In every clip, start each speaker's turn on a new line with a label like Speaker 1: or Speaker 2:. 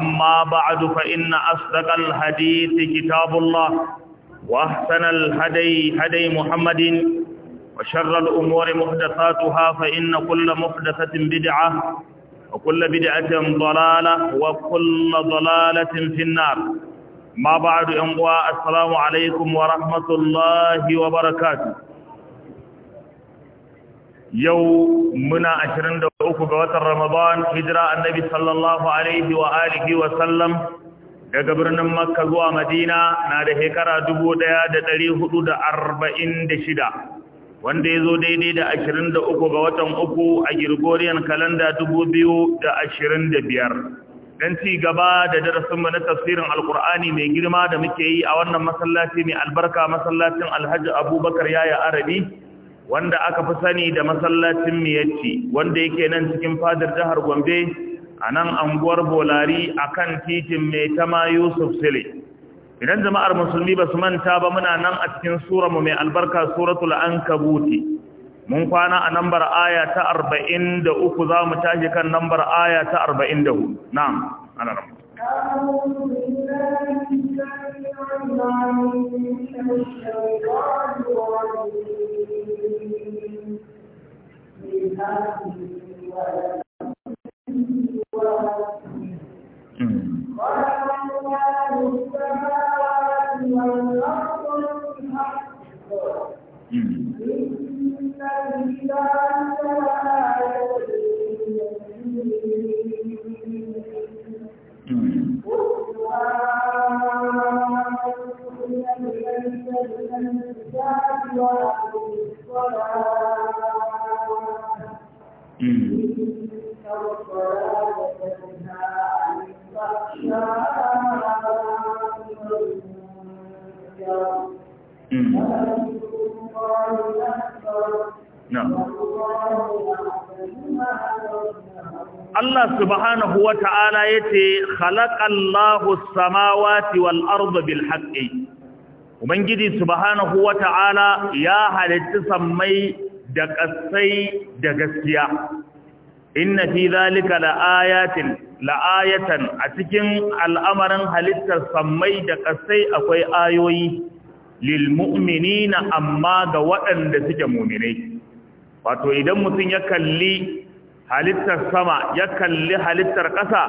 Speaker 1: أما بعد فإن أصدق الحديث كتاب الله وأحسن الهدي هدي محمد وشر الأمور محدثاتها فإن كل محدثة بدعة وكل بدعة ضلالة وكل ضلالة في النار ما بعد أمواء السلام عليكم ورحمة الله وبركاته yau muna 23 ga watan Ramadan hijira annabi sallallahu alaihi wa alihi wa sallam daga birnin Makka zuwa Madina na da hekara 1446 wanda ya zo daidai da 23 ga watan uku a Gregorian kalanda 2025 dan ci gaba da darasinmu na tafsirin alqur'ani mai girma da muke yi a wannan masallaci mai albarka masallacin alhaji abubakar yaya arabi wanda aka fi sani da masallacin miyacci wanda yake nan cikin fadar jihar gombe a nan anguwar bolari a kan titin mai tama yusuf sile idan jama'ar musulmi ba su manta ba muna nan a cikin mu mai albarka suratul an kabuti mun kwana a nambar aya ta arba'in da uku za mu tashi kan nambar aya ta arba'in da hudu na'am ana nan
Speaker 2: Thank you. بها من رواية Allah
Speaker 1: subhanahu wa ta'ala ya ce, Khalaƙallahu samawati wal arzu bil haƙƙi. Ubangiji subhanahu wa ta'ala ya halitta sammai da ƙasai da gaskiya inna fi zalika la'ayatin la'ayatan a cikin al'amarin halittar sammai da ƙasai akwai ayoyi lil mu'minina amma ga waɗanda suke mu'minai wato idan mutum ya kalli halittar sama ya kalli halittar ƙasa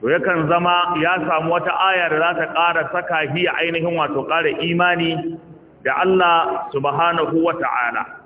Speaker 1: to yakan zama ya samu wata aya da za ta ƙara saka hiya ainihin wato ƙara imani da Allah subhanahu wa ta'ala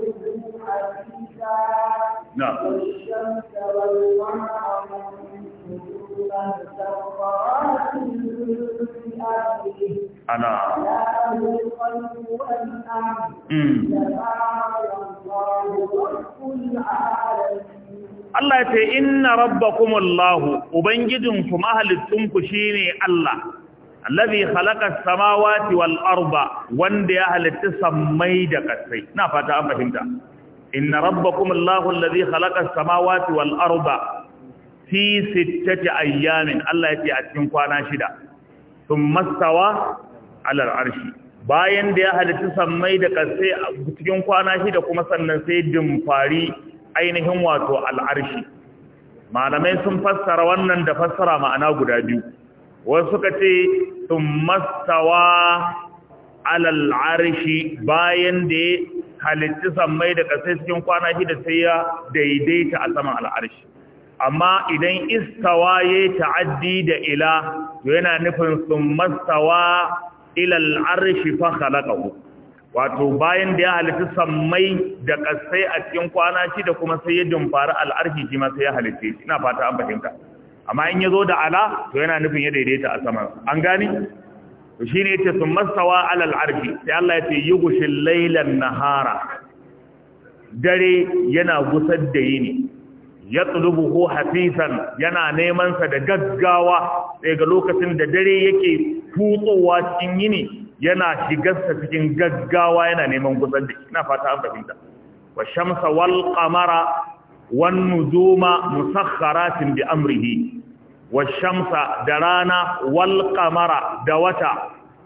Speaker 2: حديثا نعم والشمس والقمر نجوما سخرات بأمره
Speaker 1: Allah ya ce inna ubangijinku mahalittunku shine Allah allazi khalaqa samawati wal arda wanda ya halitta sammai da kasai na fata an fahimta inna rabbakum Allahu allazi khalaqa as-samawati wal arda fi sittati ayyamin Allah yace a cikin kwana shida thumma stawa ala al-arshi bayan da ya halitta sammai da kasai a cikin kwana shida kuma sannan sai dimfari ainihin wato al-arshi malamai sun fassara wannan da fassara ma'ana guda biyu wasu suka ce thumma stawa ala al-arshi bayan da halitti sammai da ƙasai cikin kwana da sai ya daidaita a saman al'arshi amma idan istawa ya ta'addi da ila to yana nufin sun mastawa ilal arshi fa khalaqahu wato bayan da ya halitta sammai da kasai a cikin kwana da kuma sai ya dumfari al'arshi shi ma sai ya halitta ina fata an fahimta amma in ya zo da ala to yana nufin ya daidaita a saman an gani shi ne ce sun alal arfi sai Allah ya ce yi gushin lailan nahara dare yana gusar da yini ya tsulubu ko hafisan yana nemansa da gaggawa Daga lokacin da dare yake tutsowa cikin yini yana shigarsa cikin gaggawa yana neman gusar da ina fata an fahimta wa shamsa wal qamara wan nujuma musakharatin bi amrihi wa da rana wal da wata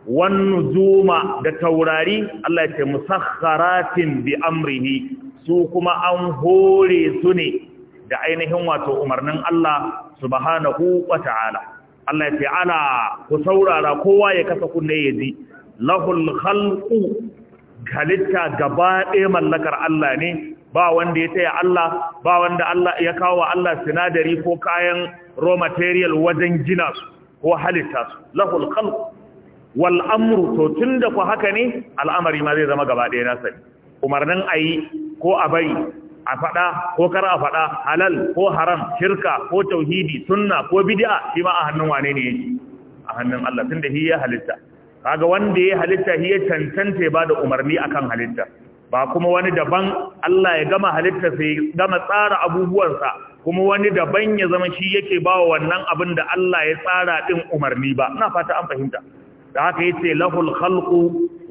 Speaker 1: wan nujuma da taurari Allah ya ce musakharatin bi amrihi su kuma an hore su ne da ainihin wato umarnin Allah subhanahu wa ta'ala Allah ya ce ala ku saurara kowa ya kasa kunne ya ji lahul khalqu halitta gaba ɗaya mallakar Allah ne ba wanda ya taya Allah ba wanda Allah ya kawo wa Allah sinadari ko kayan raw material wajen gina su ko halitta su lahul khalq wal amru to tunda ku haka ne al'amari ma zai zama gaba ɗaya na sani. umarnin ayi ko a bari a faɗa ko kar a faɗa halal ko haram shirka ko tauhidi sunna ko bid'a shi ma a hannun wane ne yake a hannun Allah tunda shi ya halitta kaga wanda ya halitta shi ya cancanta ba da umarni akan halitta ba kuma wani daban Allah ya gama halitta sai gama tsara abubuwansa kuma wani daban ya zama shi yake ba wa wannan abin da Allah ya tsara din umarni ba ina fata an fahimta da haka yace lahul khalqu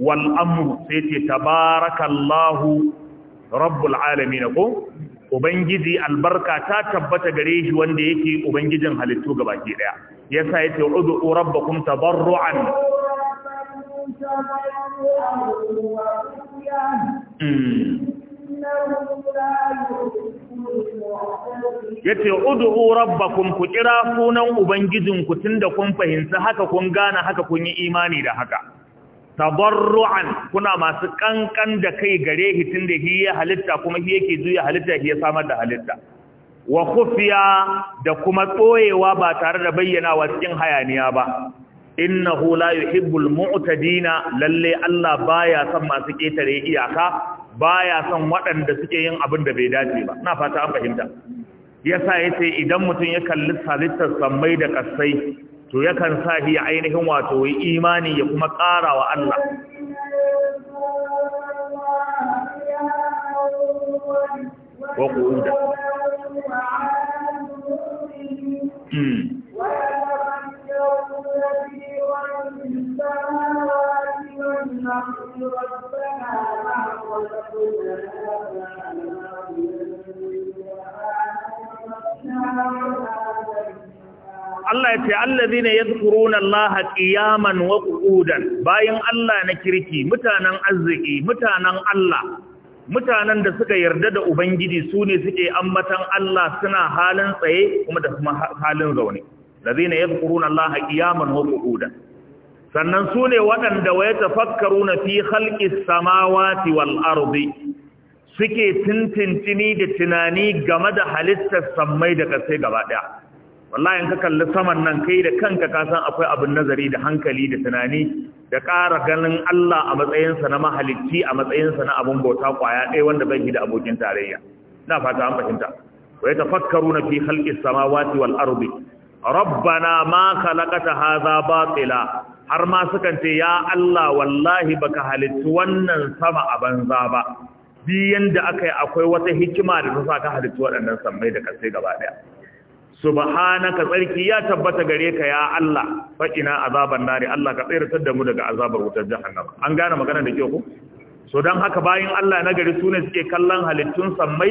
Speaker 1: wal amru sai ce tabarakallahu rabbul alamin ko ubangiji albarka ta tabbata gare shi wanda yake ubangijin halittu gabaki daya yasa yace ud'u rabbakum tabarruan
Speaker 2: تبعوا وعصيان
Speaker 1: إنهم yace ud'u rabbakum ku kira sunan ubangijinku tunda kun fahimci haka kun gane haka kun yi imani da haka tabarru'an kuna masu kankan da kai gare shi tunda shi ya halitta kuma shi yake juya halitta shi ya samar da halitta wa khufiya da kuma tsoyewa ba tare da bayyana bayyanawa cikin hayaniya ba innahu la yuhibbul mu'tadina lalle Allah baya son masu ketare iyaka baya son waɗanda suke yin abin da bai dace ba na fata an fahimta yasa yace idan mutum ya kalli salittar sammai da kasai to yakan sa shi ainihin wato yi imani ya kuma ƙara wa Allah wa Allah ya ce allazina yadhkuruna Allah qiyaman wa qu'udan bayan Allah na kirki mutanen arziki mutanen Allah mutanen da suka yarda da ubangiji sune suke ammatan Allah suna halin tsaye kuma da kuma halin zaune lazina yadhkuruna Allah qiyaman wa qu'udan sannan sune waɗanda waya tafakkaruna fi khalqis samawati wal ardi suke tintintini da tunani game da halittar sammai da kasai gaba daya wallahi in ka kalli saman nan kai da kanka ka san akwai abin nazari da hankali da tunani da ƙara ganin Allah a matsayinsa na mahalicci a matsayinsa na abin bauta kwaya ɗaya wanda bai da abokin tarayya na fata an fahimta wa na fi khalqis samawati wal ardi rabbana ma khalaqata hadha batila har ma sukan ce ya Allah wallahi baka halicci wannan sama a banza ba biyan da aka yi akwai wata hikima da ta sa ka halicci waɗannan sammai da kasai gaba ɗaya subhanaka tsarki ya tabbata gare ka ya Allah faqina azaban nari Allah ka tsiratar da mu daga azabar wutar jahannama an gane magana da ke ku so dan haka bayin Allah na gari sune suke kallon halittun sammai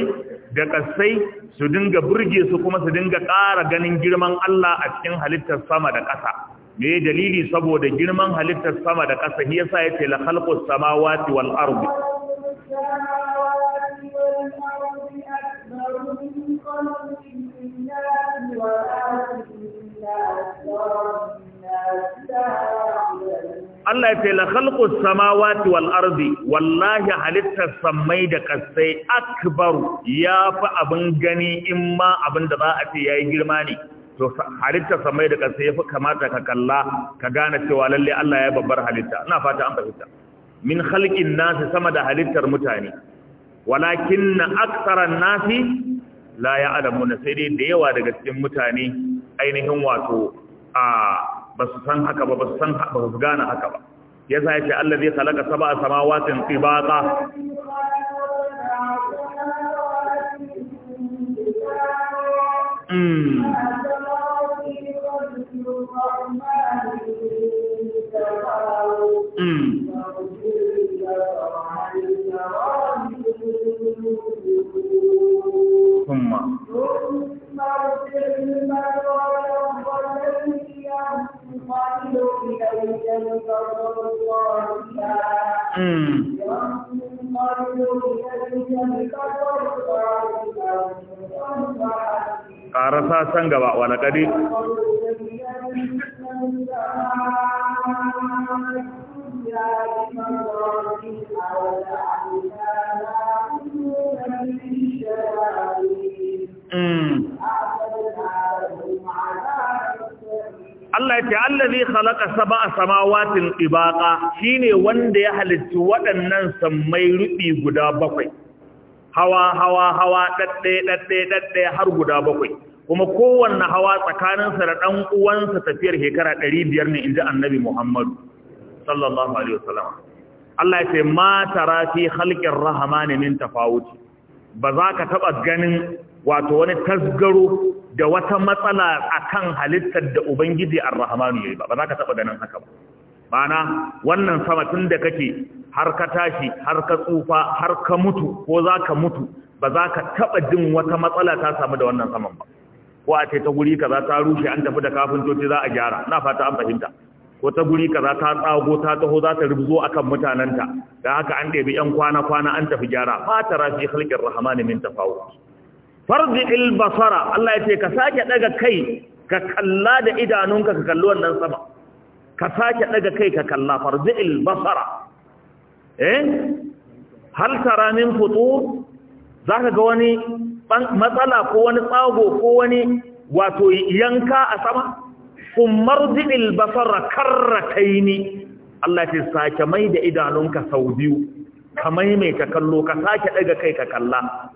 Speaker 1: da kasai su dinga burge su kuma su dinga ƙara ganin girman Allah a cikin halittar sama da ƙasa me dalili saboda girman halittar sama da ƙasa shi yasa yace la khalqus samawati wal ardi
Speaker 2: Allah ya ce la khalqus
Speaker 1: samawati wal ardi wallahi halittar sammai da kasai akbar ya fa abin gani in ma abin da za a ce yayi girma ne to halittar samai da kasai yafi kamata ka kalla ka gane cewa lalle Allah ya babbar halitta ina fata an fahimta min khalqin nasi sama da halittar mutane walakin na aksaran nasi la ya alamu na sai dai da yawa daga cikin mutane ainihin wato a ba su san haka ba ba su san ba su gane haka ba yasa yace allazi khalaqa sab'a samawatin tibata
Speaker 2: mm mm ثم ثم Ƙara hmm.
Speaker 1: الفرد san gaba wani ƙadi Mm. Allah ya ce zai khalaqa sab'a samawatin ibaqa shine wanda ya halitta waɗannan sammai rubi guda bakwai hawa hawa hawa dadde dadde dadde har guda bakwai kuma kowanne hawa tsakaninsa da ɗan'uwansa uwansa tafiyar shekara biyar ne inji annabi Muhammadu sallallahu alaihi wasallam Allah ya ce ma tara fi rahama ne min tafawuti ba za ka taɓa ganin wato wani tasgaro da wata matsala akan halittar da ubangiji ar-rahmanu yi ba ba za ka taɓa ganin haka ba mana wannan sama tun da kake har ka tashi har ka tsufa har ka mutu ko za ka mutu ba za ka taɓa jin wata matsala ta samu da wannan saman ba ko a ce ta guri kaza ta rushe an tafi da kafintoci za a gyara na fata an fahimta ko ta guri kaza ta tsago ta taho za ta rubzo kan mutanenta da haka an ɗebi 'yan kwana-kwana an tafi gyara fata rafi halƙin ne min tafawo. farji'il basara Allah ya ce ka sake daga kai ka kalla da idanunka ka kalli wannan sama ka sake daga kai ka kalla farji'il basara eh hal tara min futur zaka ga wani matsala ko wani tsago ko wani wato yanka a sama kummar ji'il basara karrataini Allah ya ce sake mai da idanunka sau biyu ka maimaita kallo ka sake daga kai ka kalla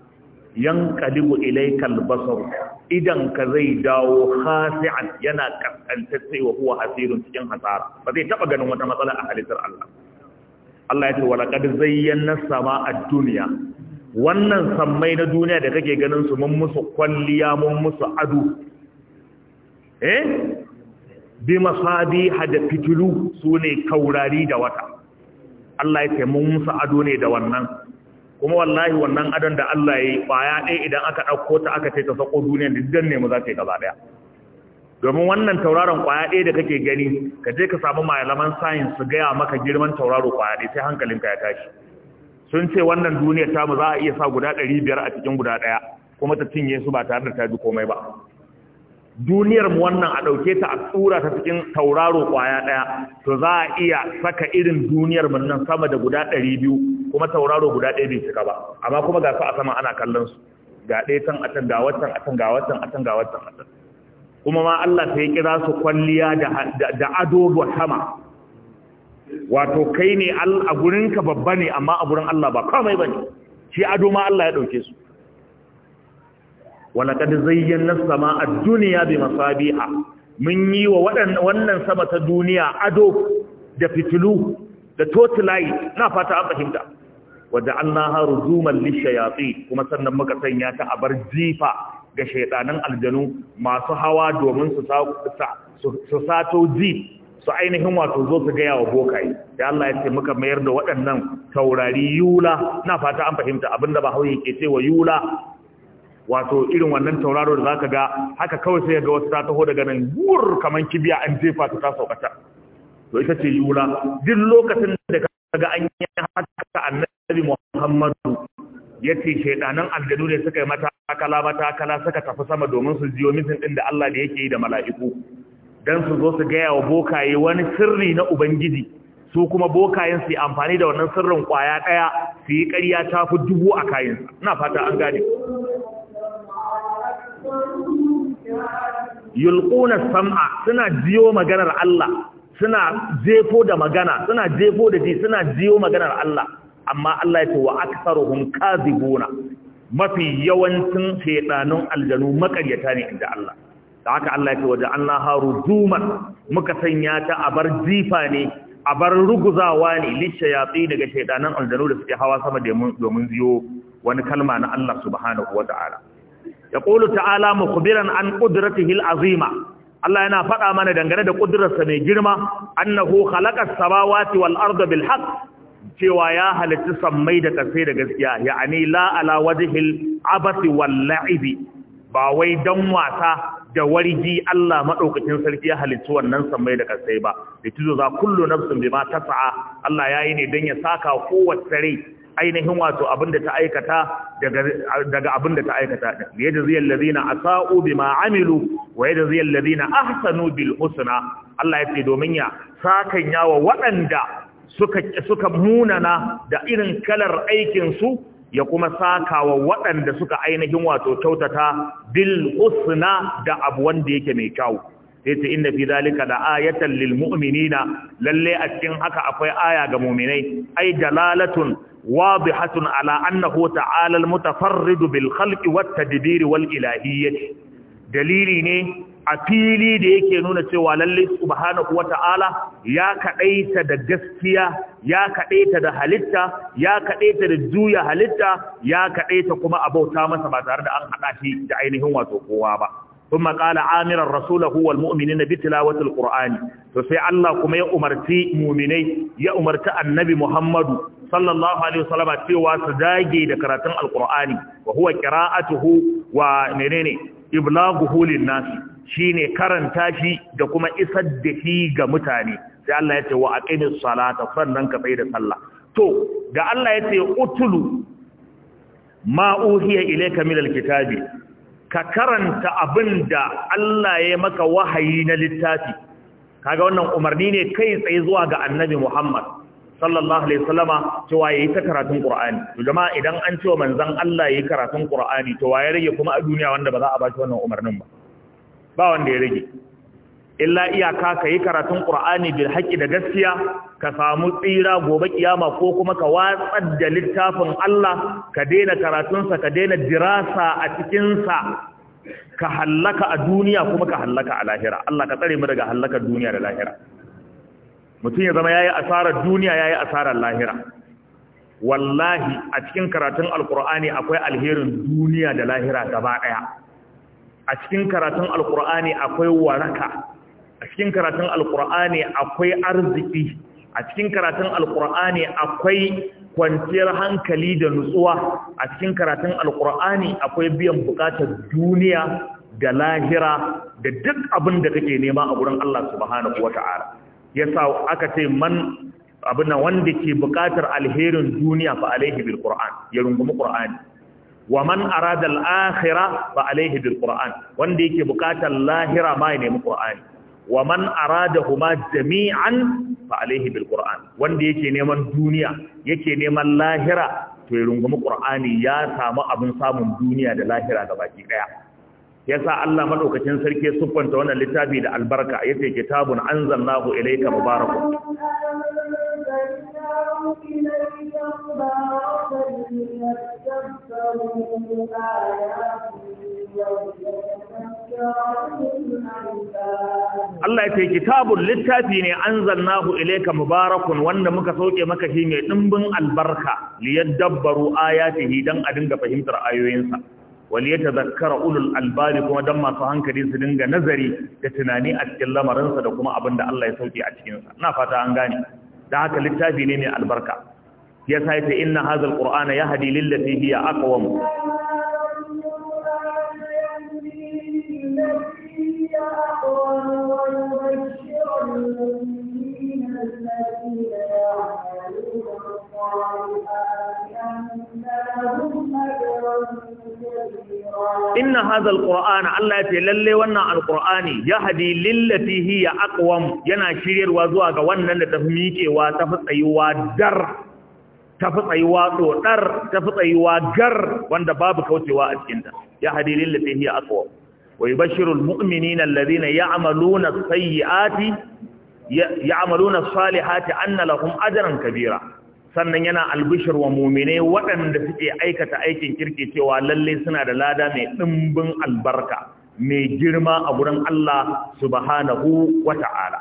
Speaker 1: Yan kalibu ilaikal basar idan ka zai dawo hasi'an yana kaskantacce wa huwa hasirun cikin hasara ba zai taba ganin wata matsala a halittar Allah Allah ya ce walaqad zayyana a dunya wannan sammai na duniya da kake ganin su mun musu kwalliya mun musu adu? eh bi masadi da fitilu sune kaurari da wata Allah ya ce mun musu ado ne da wannan kuma wallahi wannan adon da Allah ya yi kwaya ɗaya idan aka ɗauko ta aka ce ta sako duniyar da dukkan nemu za ta yi gaba ɗaya domin wannan tauraron kwaya ɗaya da kake gani ka je ka samu malaman science su gaya maka girman tauraro kwaya ɗaya sai hankalinka ya tashi sun ce wannan duniyar mu za a iya sa guda ɗari biyar a cikin guda ɗaya kuma ta cinye su ba tare da ta ji komai ba duniyar mu wannan a ɗauke ta a tsura ta cikin tauraro kwaya ɗaya to za a iya saka irin duniyar mu nan sama da guda ɗari biyu kuma tauraro guda ɗaya bai cika ba amma kuma ga su a sama ana kallon su ga ɗaya can a can ga watan a can ga watan a can ga watan a can kuma ma Allah sai ya kira su kwalliya da ado wa sama wato kai ne a gurinka babba ne amma a gurin Allah ba kamai ba ne shi ado ma Allah ya ɗauke su walaƙad zayyana sama a duniya bi masabiha mun yi wa wannan sama ta duniya ado da fitilu da totulai na fata an fahimta wadda an naha ruzuman lishayatsi kuma sannan muka sanya ta a bar jifa ga shaidanan aljanu masu hawa domin su sato ji su ainihin wato zo su gaya wa bokaye da Allah ya ce muka mayar da waɗannan taurari yula na fata an fahimta abinda ba hauye ke cewa yula wato irin wannan tauraro da zaka ga haka kawai sai ga wasu ta taho daga nan wur kaman kibiya an jefa ta ta to ita ce yura duk lokacin da kaga an yi haka annabi muhammadu ya ce shaidanan aljanu ne suka yi matakala matakala suka tafi sama domin su jiyo mitin din da Allah da yake yi da mala'iku don su zo su gaya wa bokaye wani sirri na ubangiji su kuma bokayen su yi amfani da wannan sirrin kwaya ɗaya su yi ƙarya ta fi dubu a kayansa ina fata an gane yulquna sam'a suna jiyo maganar Allah suna jefo da magana suna jefo da ji suna jiyo maganar Allah amma Allah ya ce wa aktsaruhum kadhibuna mafi yawancin shedanun aljanu makaryata ne inda Allah da haka Allah ya ce waje Allah haru duman muka sanya ta a bar jifa ne a bar ruguzawa ne lishayatsi daga shedanan aljanu da suke hawa sama domin ziyo wani kalma na Allah subhanahu wataala yaqulu ya ta'ala mukhbiran an qudratihi hil azima Allah yana faɗa mana dangane da ƙudurarsa mai girma annahu khalaqas samawati wal arda bil haqq cewa ya halitta sammai da ƙasai da gaskiya ya'ani la'ala ala wajhil abasi wal la'ibi ba wai dan wasa da wargi Allah madaukakin sarki ya halitta wannan sammai da ƙasai ba za kullu nafsin ta sa'a. Allah yayi ne dan ya saka kowace rai ainihin wato abin da ta aikata daga abin da ta aikata ɗin ya da ziyar lazina a sa'u bi ma'amilu wa ya da ziyar lazina ahsanu bil husna Allah ya ce domin ya sakan yawa waɗanda suka munana da irin kalar aikinsu ya kuma sakawa waɗanda suka ainihin wato kyautata bil husna da abu wanda yake mai kyau sai ce inda fi zalika la ayatan lil mu'minina lalle a cikin haka akwai aya ga mu'minai ai dalalatun wadihatun ala annahu ta'ala al mutafarrid bil khalqi wat tadbir wal ilahiyyah dalili ne a fili da yake nuna cewa lalle subhanahu wata'ala ya kadaita da gaskiya ya kadaita da halitta ya kadaita da juya halitta ya kadaita kuma abauta masa ba tare da an hada shi da ainihin wato kowa ba ثم قال عامرا رسوله والمؤمنين بتلاوة القرآن فسي الله كما يأمرتي مؤمني يأمرت النبي محمد صلى الله عليه وسلم تيوى سداجي لكراتن القرآن وهو قراءته ومنيني إبلاغه للناس shine karanta shi da kuma isar da shi ga mutane sai Allah ya ce wa aqimis salata sannan ka da sallah to da Allah ya ce utulu ma uhiya ilayka min alkitabi ka karanta abin da Allah ya maka wahayi na littafi kaga wannan umarni ne kai tsaye zuwa ga annabi Muhammad sallallahu alaihi wasallama cewa yayi ta karatun Qur'ani to jama'a idan an cewa manzon Allah yayi karatun Qur'ani to waye rage kuma a duniya wanda ba za a ba wannan umarnin ba ba wanda ya rage illa iyaka ka yi karatun ƙur'ani bil haƙƙi da gaskiya ka samu tsira gobe kiyama ko kuma ka watsar da littafin Allah ka daina karatunsa ka daina dirasa a cikinsa ka hallaka a duniya kuma ka hallaka a lahira Allah ka tsare mu daga hallakar duniya da lahira mutum ya zama yayi asarar duniya yayi asarar lahira wallahi a cikin karatun alƙur'ani akwai alherin duniya da lahira gaba ɗaya a cikin karatun alƙur'ani akwai waraka a cikin karatun alkur'ani akwai arziki a cikin karatun alkur'ani akwai kwanciyar hankali da nutsuwa a cikin karatun alkur'ani akwai biyan bukatar duniya da lahira da duk abin da kake nema a wurin Allah subhanahu wata'ala yasa aka ce man abin wanda ke bukatar alherin duniya fa alaihi bil qur'an ya rungumi qur'ani wa man arada al akhirah fa alaihi bil qur'an wanda yake bukatar lahira ma ya nemi qur'ani wa man aradahuma jami'an fa alaihi bil qur'an wanda yake neman duniya yake neman lahira to ya rungumi qur'ani ya samu abin samun duniya da lahira baki daya yasa Allah madaukakin sarki siffanta wannan littafi da albarka yace kitabun anzalnahu ilayka mubarakun
Speaker 2: Thank you. Allah
Speaker 1: ya ce kitabun littafi ne an zanna anzalnahu ilayka mubarakun wanda muka sauke maka shi mai ɗimbin albarka liyadabbaru ayatihi dan a dinga fahimtar ayoyinsa wali zakkara ulul albab kuma dan masu hankali su dinga nazari da tunani a cikin lamarinsa da kuma abin da Allah ya sauke a cikinsa. ina fata an gane dan haka littafi ne mai albarka yasa yace inna hadzal qur'ana hadi lillati hiya aqwam
Speaker 2: inna haza al’ur’an,
Speaker 1: Allah yace lalle wannan alqurani yahdi lillati hiya akwam yana shiryarwa zuwa ga wannan da tafi miƙewa fi tsayuwa dar tafi tsayuwa ta fi tsayuwa gar wanda babu kaucewa a Ya hadi yahdi lillati hiya akwam. ويبشر المؤمنين الذين يعملون السيئات يعملون الصالحات أن لهم أجرا كبيرا sannan yana albishir wa mumine waɗanda suke aikata aikin kirki cewa lalle suna da lada mai ɗimbin albarka mai girma a wurin Allah subhanahu wa ta'ala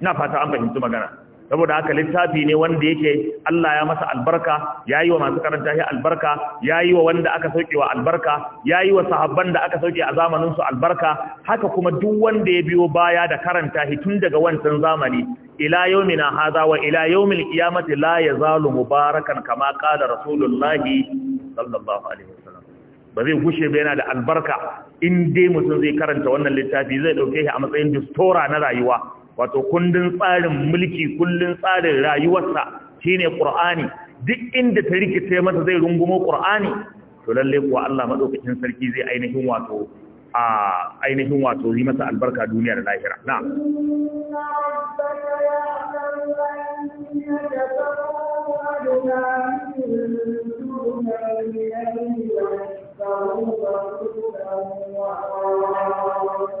Speaker 1: na fata an fahimci magana saboda haka littafi ne wanda yake Allah ya masa albarka ya wa masu karanta shi albarka ya wa wanda aka sauke wa albarka ya yiwa wa sahabban da aka sauke a zamanin su albarka haka kuma duk wanda ya biyo baya da karanta shi tun daga wancan zamani ila yaumina hadha wa ila yawmil qiyamati la yazalu mubarakan kama qala rasulullahi sallallahu alaihi wasallam ba zai gushe ba yana da albarka in dai mutum zai karanta wannan littafi zai dauke shi a matsayin distora na rayuwa wato kundin tsarin mulki kullum tsarin rayuwarsa shine qur'ani duk inda ta rikice masa zai rungumo qur'ani to lalle kuwa Allah madaukakin sarki zai ainihin wato a ainihin wato yi masa albarka duniya da lahira na
Speaker 2: Thank you.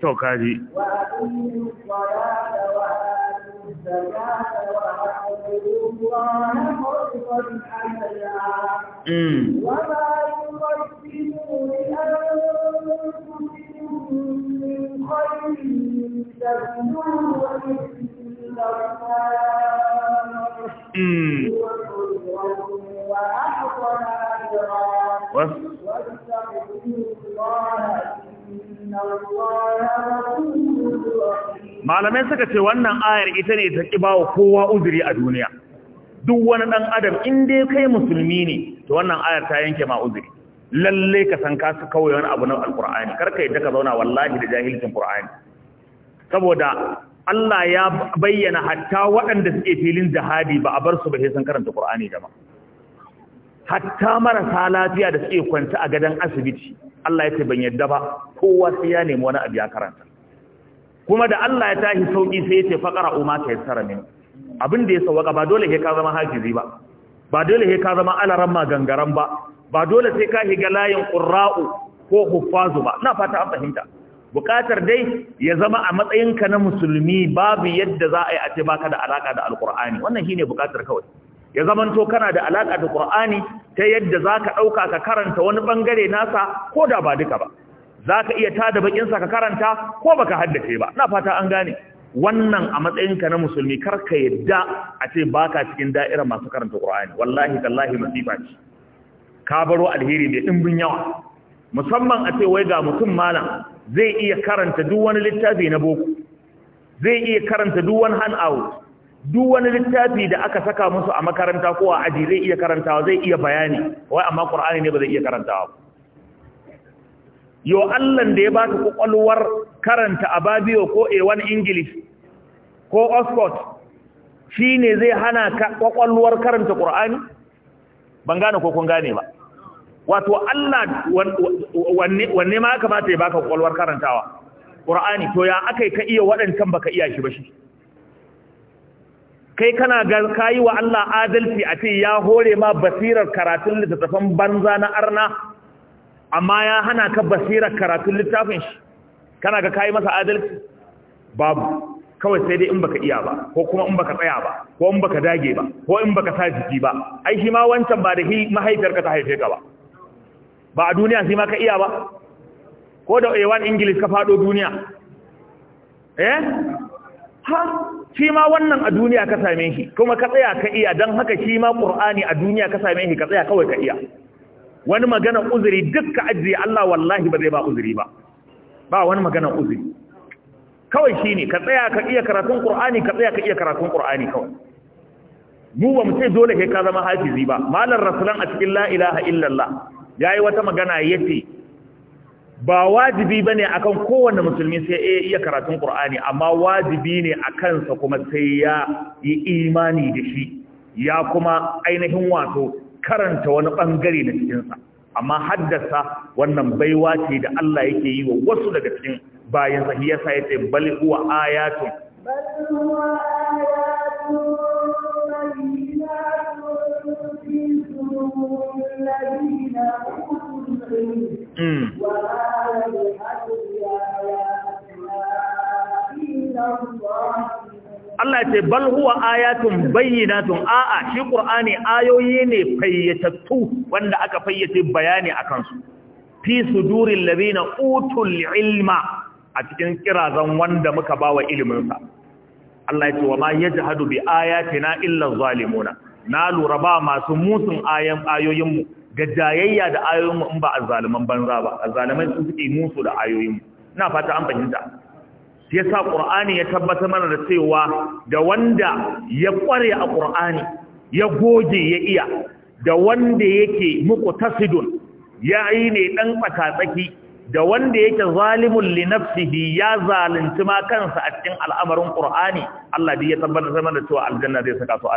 Speaker 3: To kaji. Mm.
Speaker 1: malamai suka ce wannan ayar ita ne ta wa kowa uzuri a duniya duk wani ɗan adam inda ya kai musulmi ne ta wannan ayar ta yanke ma uzuri lalle ka san ka su kawai wani abu na Alƙur'ani. karka ka yadda ka zauna wallahi da jahilcin ƙur'ani saboda Allah ya bayyana hatta waɗanda suke filin jihadi ba a bar su ba sai san karanta Qur'ani ma. hatta marasa lafiya da suke kwanta a gadan asibiti Allah ya ce ban yadda ba kowa sai ya nemi wani abu ya karanta kuma da Allah ya tashi sauki sai ya ce faqara umma ta yassara min abin da ya sauka ba dole sai ka zama hajiri ba ba dole sai ka zama alaran magangaran ba ba dole sai ka higa layin qurra'u ko huffazu ba na fata an fahimta buƙatar dai ya zama a matsayinka na musulmi babu yadda za a yi a ce baka da alaka da alkur'ani wannan shine buƙatar kawai ya zamanto kana da alaka da qur'ani ta yadda zaka dauka ka karanta wani bangare nasa ko da ba duka ba zaka iya tada bakin sa ka karanta ko baka haddace ba Ina fata an gane wannan a matsayinka na musulmi kar ka yadda a ce baka cikin da'irar masu karanta qur'ani wallahi tallahi masifa ce ka baro alheri mai dimbin yawa musamman a ce wai ga mutum malam zai iya karanta duk wani littafi na boko zai iya karanta duk wani handout duk wani littafi da aka saka musu a makaranta ko a aji zai iya karantawa zai iya bayani wai amma qur'ani ne ba zai iya karantawa ba yo da ya baka ƙwaƙwalwar karanta a babio ko A1 English ko Oxford shine zai hana ka karanta qur'ani ban gane ko kun gane ba wato Allah wanne ma kamata ya baka kwalwar karantawa Qur'ani to ya akai ka iya waɗancan baka iya shi ba shi kai kana ga kayi wa Allah adalci a ce ya hore ma basirar karatun littattafan banza na arna amma ya hana ka basirar karatun littafin shi kana ga kayi masa adalci babu kawai sai dai in baka iya ba ko kuma in baka tsaya ba ko in baka dage ba ko in baka sa jiki ba ai shi ma wancan ba da mahaifiyarka ta haife ka ba ba a duniya sai ma ka iya ba ko da a1 english ka fado duniya eh ha shi ma wannan a duniya ka same shi kuma ka tsaya ka iya don haka shi ma qur'ani a duniya ka same shi ka tsaya kawai ka iya wani magana uzuri duk ka ajiye Allah wallahi ba zai ba uzuri ba ba wani magana uzuri kawai shi ne ka tsaya ka iya karatun ƙur'ani ka tsaya ka iya karatun ƙur'ani kawai mu ba mu ce dole sai ka zama hafizi ba malar rasulan a cikin la ilaha illallah ya yi wata magana ya ce ba wajibi ba ne a kan kowane musulmi sai ya iya karatun ƙur'ani amma wajibi ne a kansa kuma sai ya yi imani da shi ya kuma ainihin wato karanta wani ɓangare na cikinsa amma haddasa wannan baiwa ce da Allah yake yi wa wasu daga cikin bayan sahiyarsa ya ce bal uwa ayatun Hmm. Allah ce bal huwa ayatun bayyinatun a'a shi Qur'ani ayoyi ne fayyatattu wanda aka fayyace bayani akan su fi sudurin ladina utul ilma a cikin kirazan wanda muka bawa ilimin sa Allah ya ce wa ma yajhadu bi ayatina illa zalimuna na lura ba masu mutun ayan ayoyin mu Gajayayya jayayya da ayoyinmu in ba azzaluman banza ba zalumai su suke musu da ayoyinmu ina fata an fahimta shi yasa ƙur'ani ya tabbata mana da cewa da wanda ya ƙware a ƙur'ani ya goge ya iya da wanda yake muqtasidun ya yi ne ɗan tsakatsaki da wanda yake zalimun li ya zalunci ma kansa a cikin al'amarin ƙur'ani. Allah dai ya tabbata mana da cewa aljanna zai saka su a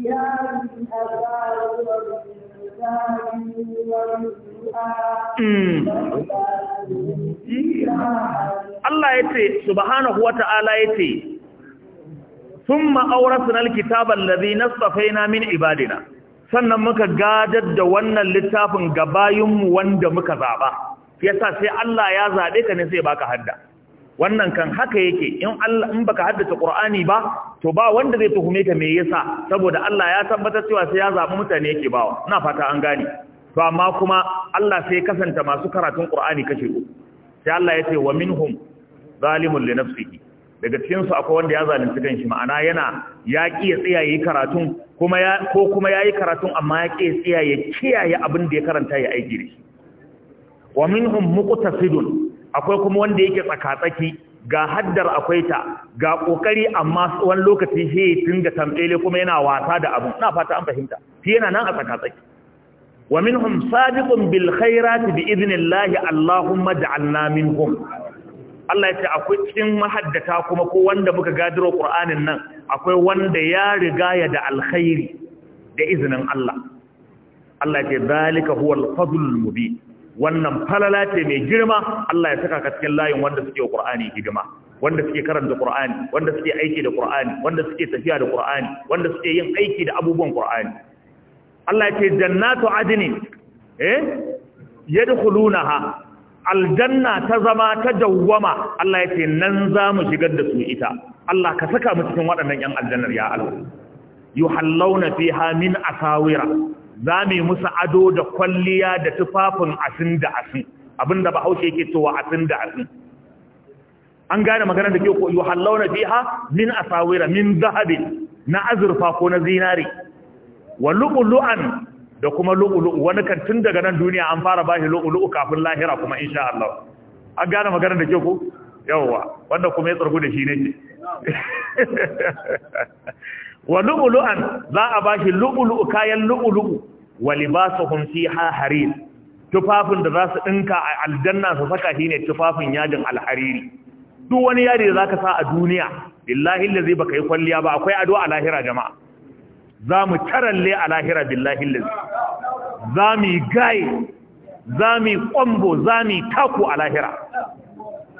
Speaker 2: Allah
Speaker 1: ya ce, Subhanahu wa ta'ala ya ce, Sun sunan alkitaban lazi na tsafaina min ibadina, sannan muka gadar da wannan littafin gabayinmu wanda muka zaɓa, sa sai Allah ya zaɓe ka ne sai baka hadda. wannan kan haka yake in Allah in baka haddace Qur'ani ba to ba wanda zai tuhume ka me yasa saboda Allah ya tabbatar cewa sai ya zabi mutane yake bawa ina fata an gane to amma kuma Allah sai kasanta masu karatun Qur'ani kashe uku sai Allah ya ce wa minhum zalimun li nafsihi daga cikin su akwai wanda ya zalunci kanshi ma'ana yana ya ki ya tsiyaye karatun kuma ya ko kuma yayi karatun amma ya ki ya tsiyaye kiyaye abin da ya karanta ya aiki da shi wa minhum muqtasidun akwai kuma wanda yake tsakatsaki ga haddar akwai ta ga kokari amma wani lokaci shi ya dinga tambaye kuma yana wasa da abu ina fata an fahimta shi yana nan a tsakatsaki wa minhum Sadiqun bil khairati bi idnillahi allahumma ja'alna minhum Allah ya ce akwai cikin mahaddata kuma ko wanda muka gadiro Qur'anin nan akwai wanda ya riga ya da alkhairi da izinin Allah Allah ya ce zalika huwal fadlul mubin wannan falala ce mai girma Allah ya saka ka cikin layin wanda suke Qur'ani hidima wanda suke karanta Qur'ani wanda suke aiki da Qur'ani wanda suke tafiya da Qur'ani wanda suke yin aiki da abubuwan Qur'ani Allah ya ce jannatu adnin eh yadkhulunaha aljanna ta zama ta dawwama Allah ya ce nan za mu shigar da su ita Allah ka saka mu cikin waɗannan 'yan aljannar ya Allah yuhallawna fiha min asawira za mu yi musu ado da kwalliya da tufafin asin da asin abinda ba haushe yake cewa asin da asin an gane magana da ke ko yi hallauna fiha min asawira min zahabi na azurfa ko na Zinari. wa lu'ulu'an da kuma lu'ulu'u wani kan tun daga nan duniya an fara bashi lu'ulu'u kafin lahira kuma insha Allah an gane magana da ke ko yawwa wanda kuma ya tsargu da shi ne wa lu'lu'an za a bashi lu'lu'u kayan lu'lu'u wa libasuhum fiha harir tufafin da za su dinka a aljanna su saka shine tufafin yadin alhariri duk wani yadi da zaka sa a duniya billahi allazi baka yi kwalliya ba akwai ado a lahira jama'a za mu taralle a lahira billahi allazi za mu gai za mu kwambo za mu taku a lahira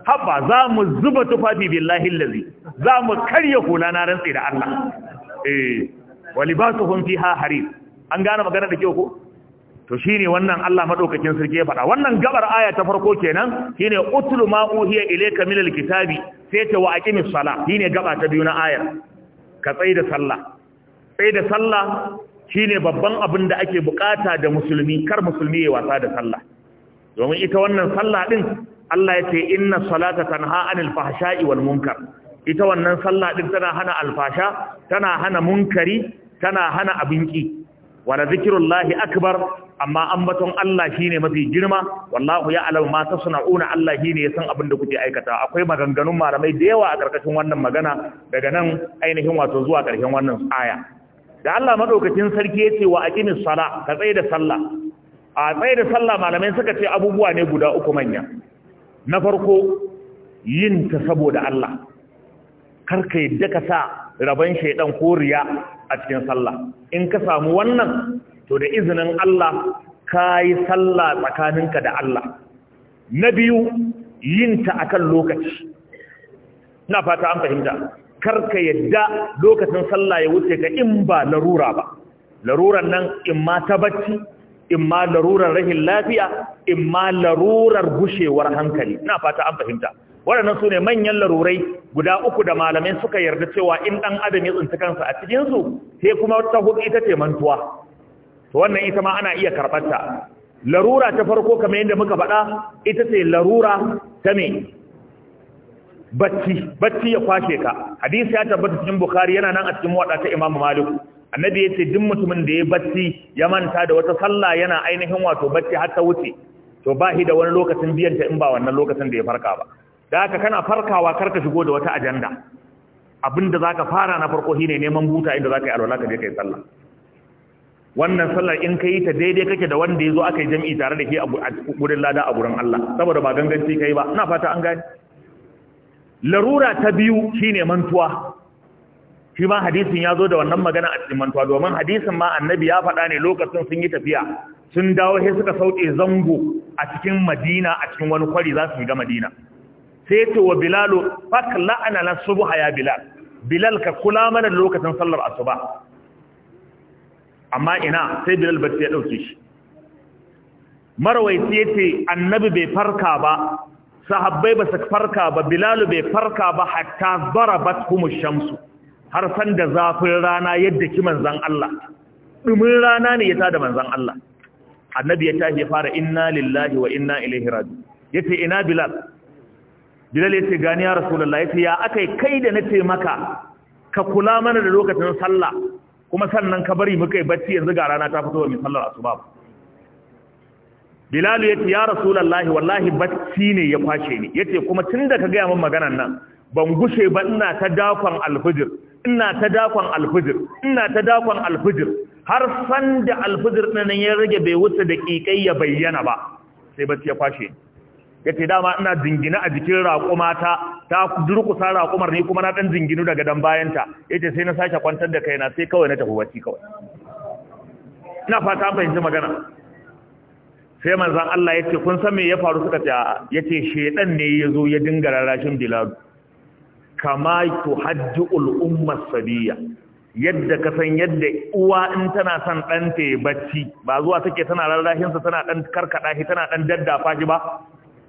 Speaker 1: haba za mu zuba tufafi billahi allazi za mu karya hula na rantsi da Allah eh wa libasuhum fiha harir an gane magana da kyau ko to shine wannan Allah madaukakin sarki ya faɗa wannan gabar aya ta farko kenan shine utlu ma uhiya ilayka min alkitabi sai ta wa aqimis sala shine gaba ta biyu na ayar ka tsaye da sallah tsaye da sallah shine babban abin da ake bukata da musulmi kar musulmi ya wasa da sallah domin ita wannan sallah din Allah ya ce inna salata tanha anil fahsha'i wal munkar ita wannan sallah din tana hana alfasha tana hana munkari tana hana abinki wala zikrullahi akbar amma ambaton Allah shine mafi girma wallahu ya'lamu ma tasna'una Allah shine yasan abin da kuke aikata akwai maganganun malamai da yawa a karkashin wannan magana daga nan ainihin wato zuwa karshen wannan aya da Allah madaukakin sarki yace wa aqimis sala ka tsaye da sallah a tsaye da sallah malamai suka ce abubuwa ne guda uku manya na farko yin ta saboda Allah karka yadda ka sa rabon shaidan koriya a cikin sallah in ka samu wannan to da izinin Allah ka yi sallah tsakaninka da Allah na biyu yin ta kan lokaci na fata an fahimta karka yadda lokacin sallah ya wuce ka in ba larura ba laruran nan in ma ta bacci in ma larurar rahin lafiya in ma larurar gushewar hankali na fata an fahimta waɗannan su ne manyan larurai guda uku da malamai suka yarda cewa in ɗan adam ya tsinci kansa a cikinsu sai kuma ta hudu ita ce mantuwa to wannan ita ma ana iya karɓarta larura ta farko kamar yadda muka faɗa ita ce larura ta me bacci bacci ya kwashe ka hadisi ya tabbata cikin bukhari yana nan a cikin wada ta imamu malik annabi ya ce duk mutumin da ya bacci ya manta da wata sallah yana ainihin wato bacci har ta wuce to ba shi da wani lokacin biyan ta in ba wannan lokacin da ya farka ba da aka kana farkawa kar ka shigo da wata ajanda abinda za ka fara na farko shine neman buta inda za ka yi alwala ka je kai yi sallah wannan sallar in ka yi ta daidai kake da wanda ya zo aka yi jam'i tare da ke a gurin lada a gurin Allah saboda ba ganganci ka ba ina fata an gani larura ta biyu shine mantuwa shi ma hadisin ya zo da wannan magana a cikin mantuwa domin hadisin ma annabi ya faɗa ne lokacin sun yi tafiya sun dawo sai suka sauke zango a cikin madina a cikin wani kwari za su shiga madina sai ce wa bilalu fak la'ana na subha ya bilal bilal ka kula mana lokacin sallar asuba amma ina sai bilal bacci ya dauke shi ya yace annabi bai farka ba sahabbai ba su farka ba bilalu bai farka ba hatta bat kuma shamsu har san da zafin rana yadda ki manzan Allah dumin rana ne ya tada manzan Allah annabi ya ya fara inna lillahi wa inna ilaihi raji yace ina bilal bilal ya ce gani ya rasulallah ya ce ya aka kai da na maka ka kula mana da lokacin sallah kuma sannan ka bari muka yi bacci yanzu ga rana ta fito wa mai sallar asuba bilal ya ce ya rasulallah wallahi bacci ne ya kwashe ni ya kuma tunda da ka gaya min maganan nan ban gushe ba ina ta dakon alfijir ina ta dakon alfijir ina ta dakon alfijir har sanda da alfijir ɗin ya rage bai wuce da ya bayyana ba sai bacci ya kwashe ni ya ce dama ina jingina a jikin raƙumata ta durƙusa raƙumar ne kuma na ɗan jinginu daga dan bayanta ya ce sai na sake kwantar da kaina sai kawai na tafi wasi kawai ina fata fahimci magana sai manzan Allah ya ce kun san me ya faru suka ce ya ce shedan ne ya zo ya dinga rarashin bilalu kama hajji al'ummar sabiya yadda ka san yadda uwa in tana son ɗanta ya bacci ba zuwa take tana rarrashinsa tana ɗan karkaɗa shi tana ɗan daddafa shi ba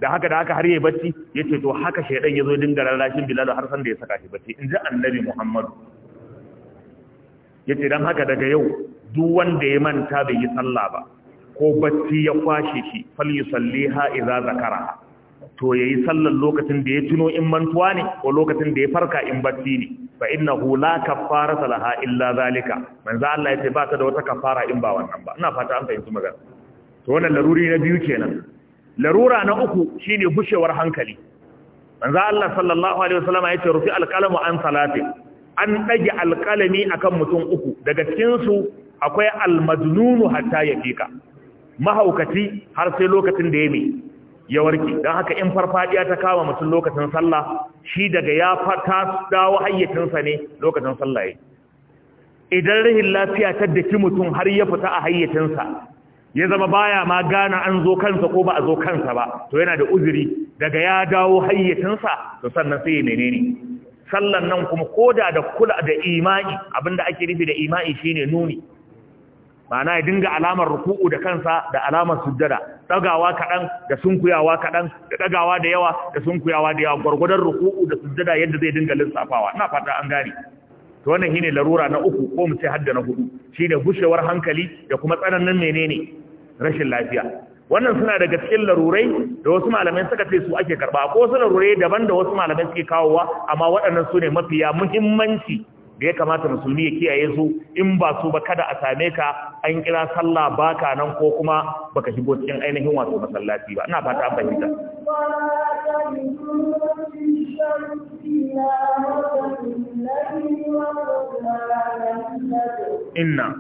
Speaker 1: da haka da haka har yi bacci ya ce to haka shaidan ya zo dinga rarrashin bilal har san da ya saka shi bacci in ji annabi muhammadu ya ce don haka daga yau duk wanda ya manta bai yi sallah ba ko bacci ya kwashe shi falyu ha idza zakara to yayi sallar lokacin da ya tuno in mantuwa ne ko lokacin da ya farka in bacci ne fa innahu la kaffara salaha illa zalika manzo Allah ya ce ba ta da wata kafara in ba wannan ba ina fata an fahimci magana to wannan laruri na biyu kenan larura na uku shine bushewar hankali manzo Allah sallallahu alaihi wasallam yace rufi alqalamu an salati an dage alqalami akan mutum uku daga cikin su akwai almajnunu hatta yafika mahaukaci har sai lokacin da ya mai ya warke don haka in farfadiya ta kama mutum lokacin sallah shi daga ya fata dawo hayyacinsa ne lokacin sallah idan rahin lafiya ta daki mutum har ya fita a hayyacinsa ya zama baya ma gane an zo kansa ko ba a zo kansa ba to yana da uzuri daga ya dawo hayyacinsa to sannan sai ya menene sallan nan kuma koda da kula da imani abinda ake nufi da imani shine nuni ma'ana ya dinga alamar ruku'u da kansa da alamar sujjada dagawa kaɗan da sunkuyawa kaɗan da dagawa da yawa da sunkuyawa da yawa gurgurdan ruku'u da sujjada yadda zai dinga lissafawa ina fata an gane to wannan shine larura na uku ko mu ce hadda na hudu shine gushewar hankali da kuma tsananin menene rashin lafiya wannan suna daga cikin larurai da wasu malamai suka ce su ake karba ko su larurai daban da wasu malamai suke kawowa amma waɗannan sune mafiya muhimmanci da ya kamata musulmi ya kiyaye su in ba su ba kada a same ka an kira sallah baka nan ko kuma baka shigo cikin ainihin wato masallaci ba ina fata an fahimta inna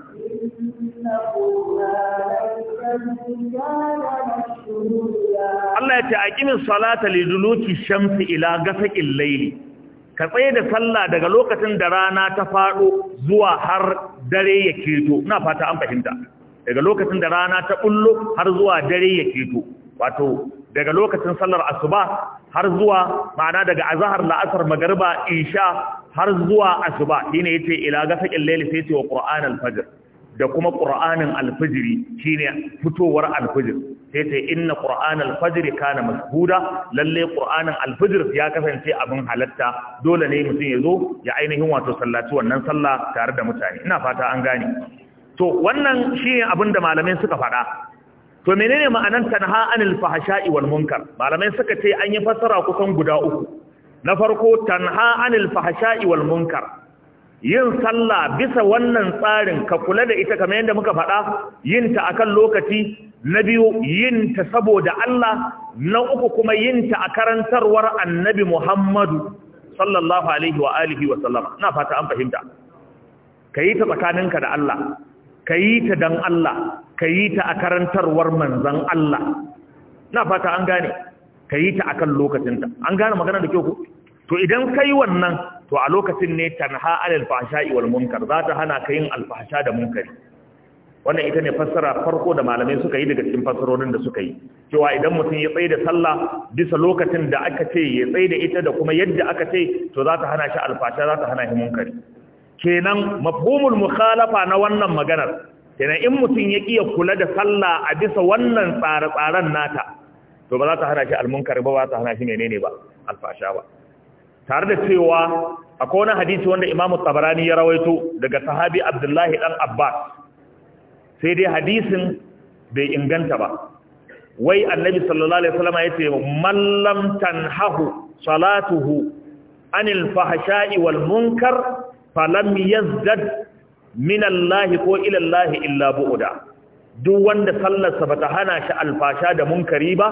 Speaker 1: Allah ya ce a kimin salata liduluki shamsi ila gasakin laili ka tsaye da sallah daga lokacin da rana ta faɗo zuwa har dare ya keto ina fata an fahimta daga lokacin da rana ta bullo har zuwa dare ya keto wato daga lokacin sallar asuba har zuwa ma'ana daga azahar la'asar magriba isha har zuwa asuba shine yace ila gasaqil layli sai ce wa qur'an al-fajr da kuma ƙur'anin alfajiri shine fitowar alfajir sai ta inna ƙur'an alfajiri kana mashhuda lalle ƙur'anin alfajir ya kasance abin halatta dole ne mutum ya zo ya ainihin wato sallaci wannan sallah tare da mutane ina fata an gane to wannan shine abin da malamai suka faɗa to menene ma'anar tanha anil fahsha'i wal munkar malamai suka ce an yi fassara kusan guda uku na farko tanha anil fahsha'i wal munkar yin sallah bisa wannan tsarin ka kula da ita kamar yadda muka faɗa yin ta akan lokaci na biyu yin ta saboda Allah na uku kuma yin ta a karantarwar annabi Muhammadu sallallahu alaihi wa alihi wa sallama na fata an fahimta ka yi ta tsakaninka da Allah ka yi ta dan Allah ka yi ta a karantarwar manzan Allah na fata an gane ka yi ta akan lokacinta an gane magana da kyau ku to idan kai wannan to a lokacin ne tanha alal fahsha'i wal munkar za ta hana ka yin alfahsha da munkari wannan ita ne fassara farko da malamai suka yi daga cikin fassarorin da suka yi cewa idan mutum ya tsaye da sallah bisa lokacin da aka ce ya tsaye da ita da kuma yadda aka ce to za ta hana shi alfasha za ta hana shi munkari kenan mafhumul mukhalafa na wannan maganar kenan in mutum ya kiya kula da sallah a bisa wannan tsare-tsaren nata to ba za ta hana shi almunkari ba ba za ta hana shi menene ba alfasha ba tare da cewa akwai wani hadisi wanda imamu tabarani ya rawaito daga sahabi abdullahi dan abbas sai dai hadisin bai inganta ba wai annabi sallallahu alaihi wasallam ya ce mallam tanhahu salatuhu anil fahsha'i wal munkar falam yazdad min Allah ko ila illa bu'da duk wanda sallarsa bata hana shi alfasha da munkari ba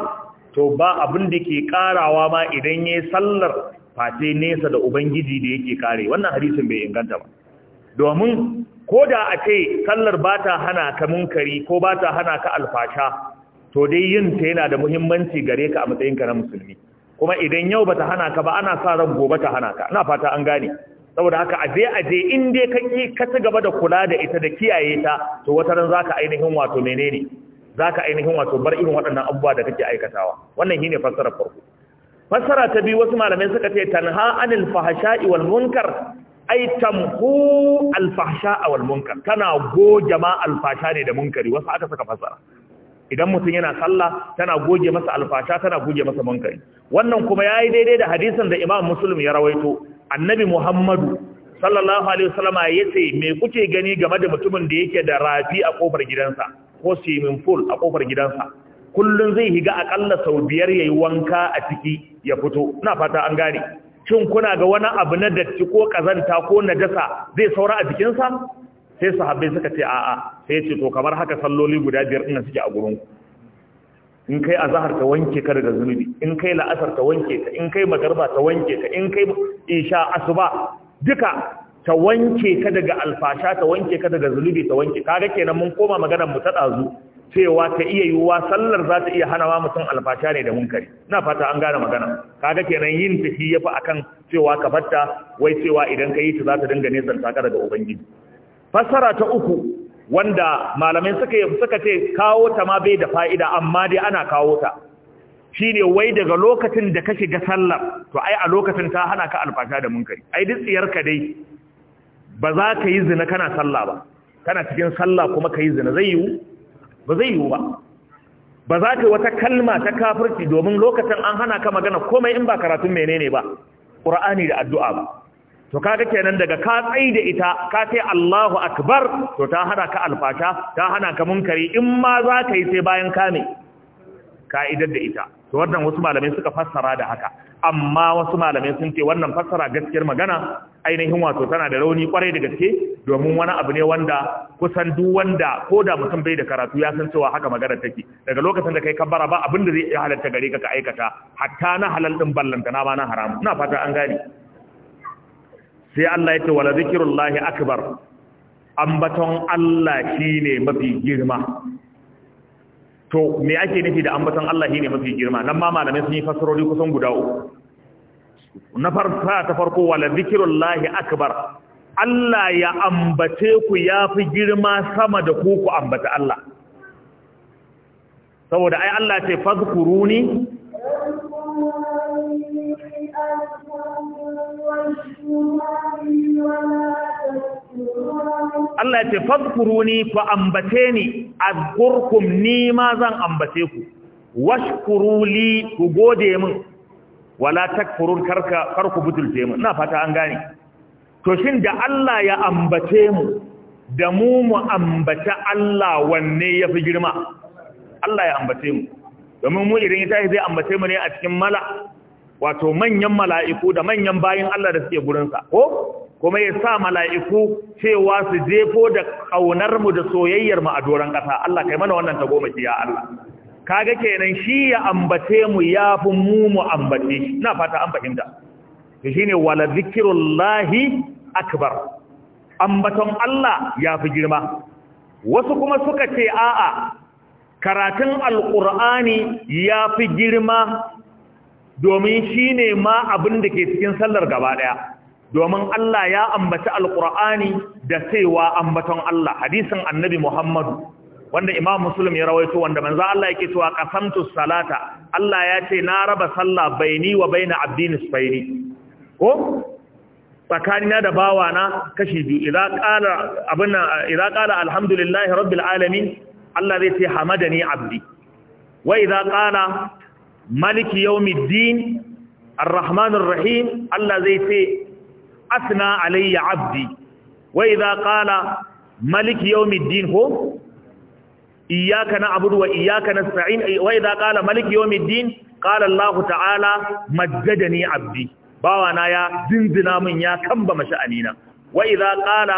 Speaker 1: to ba abin da ke karawa ma idan yayi sallar face nesa da ubangiji da yake kare wannan hadisin bai inganta ba domin ko da a ce sallar ba ta hana ka munkari ko ba ta hana ka alfasha to dai yin ta yana da muhimmanci gare ka a matsayinka na musulmi kuma idan yau ba ta hana ka ba ana sa ran gobe ta hana ka ina fata an gane saboda haka aje aje in dai ka ki ka ci gaba da kula da ita da kiyaye ta to wata ran zaka ainihin wato menene zaka ainihin wato bar irin waɗannan abubuwa da kake aikatawa wannan shine fassarar farko fassara ta biyu wasu malamai suka ce tanha anil fahsha'i wal munkar ai tamhu al fahsha'a wal munkar tana goge ma al ne da munkari wasu aka saka fasara. idan mutum yana sallah tana goge masa alfasha tana goge masa munkari wannan kuma yayi daidai da hadisin da Imam Muslim ya rawaito annabi Muhammadu sallallahu alaihi wasallama yace me kuke gani game da mutumin da yake da rafi a kofar gidansa ko swimming pool a kofar gidansa kullum zai higa akalla sau biyar ya yi wanka a ciki ya fito na fata an gari shin kuna ga wani abu na datti ko ƙazanta ko najasa zai saura a jikinsa sai sahabbai suka ce a'a sai ya ce to kamar haka salloli guda biyar ina suke a gurin in kai Zahar ta wanke ka daga zunubi in kai la'asar ta wanke ka in kai magarba ta wanke ka in kai isha asuba duka ta wanke ka daga alfasha ta wanke ka daga zunubi ta wanke kaga kenan mun koma magana mu ta dazu cewa ta iya yiwuwa sallar za ta iya hana wa mutum alfasha ne da munkari na fata an gane magana kaga kenan yin ta shi yafi akan cewa ka fatta wai cewa idan ka yi ta za ta dinga nesan taka ga ubangiji fassara ta uku wanda malamai suka yi suka ce kawo ta ma bai da fa'ida amma dai ana kawo ta shine wai daga lokacin da ka shiga sallar to ai a lokacin ta hana ka alfasha da munkari ai duk tsiyar ka dai ba za ka yi zina kana sallah ba kana cikin sallah kuma ka yi zina zai yiwu ba zai yiwu ba ba za ka wata kalma ta kafirci domin lokacin an hana ka magana komai in ba karatun menene ba ƙur'ani da addu'a ba to kaga kenan daga ka tsai da ita ka ce Allahu akbar to ta hana ka alfasha, ta hana ka munkari in ma za ka yi sai bayan kame ka'idar da ita to wannan wasu malamai suka fassara da haka amma wasu malamai sun ce wannan fassara gaskiyar magana ainihin wato tana da rauni kwarai da gaske domin wani abu ne wanda kusan duk wanda ko da mutum bai da karatu ya san cewa haka magana take daga lokacin da kai kabbara ba abin da zai iya halatta gare ka ka aikata hatta na halal din ballanta na ba na haramu. ina fata an gane sai Allah ya ce wala zikrullahi akbar ambaton Allah shine mafi girma to me ake nufi da ambaton Allah shine mafi girma nan ma malamai sun yi fasarori kusan guda uku na farka ta farko wala zikrullahi akbar Allah ya ambace ku ya fi girma sama da ku ku ambata Allah saboda ai Allah ce fazkuruni Thank Allah ce fadkuruni ku ambateni ni azkurkum ni ma zan ambace ku washkuru li ku gode min wala takfurun karka karku butulte min ina fata an gane to shin da Allah ya ambace mu da mu mu ambata, Allah wanne yafi girma Allah ya ambace mu domin mu idan ita zai ambace mu ne a cikin mala wato manyan mala'iku da manyan bayin Allah da suke gurinsa ko kuma ya sa mala'iku cewa su jefo da ƙaunarmu da soyayyarmu a doron ƙasa Allah kai mana wannan tagomaki ya Allah kaga kenan shi ya ambace mu ya fi mu mu ambace na fata an fahimta to shine wala zikrullahi akbar ambaton Allah ya fi girma wasu kuma suka ce a'a karatun alqur'ani ya fi girma domin shine ma abin da ke cikin sallar gaba daya domin Allah ya ambaci alkur'ani da cewa ambaton Allah hadisin annabi Muhammadu wanda Imam Muslim ya rawaito wanda manza Allah yake cewa qasamtu salata Allah ya ce na raba sallah baini wa baina abdi nisfaini ko tsakanina da bawana kashi biyu idza qala alhamdulillahi rabbil alamin Allah zai ce hamadani abdi wa idza qala maliki yawmiddin arrahmanir rahim Allah zai ce asna alayya abdi wa idza qala maliki yawmiddin ko iyyaka na'budu wa iyyaka nasta'in wa idza qala maliki yawmiddin qala Allah ta'ala majjadani abdi bawana ya zinzina min ya kamba masha'anina wa idza qala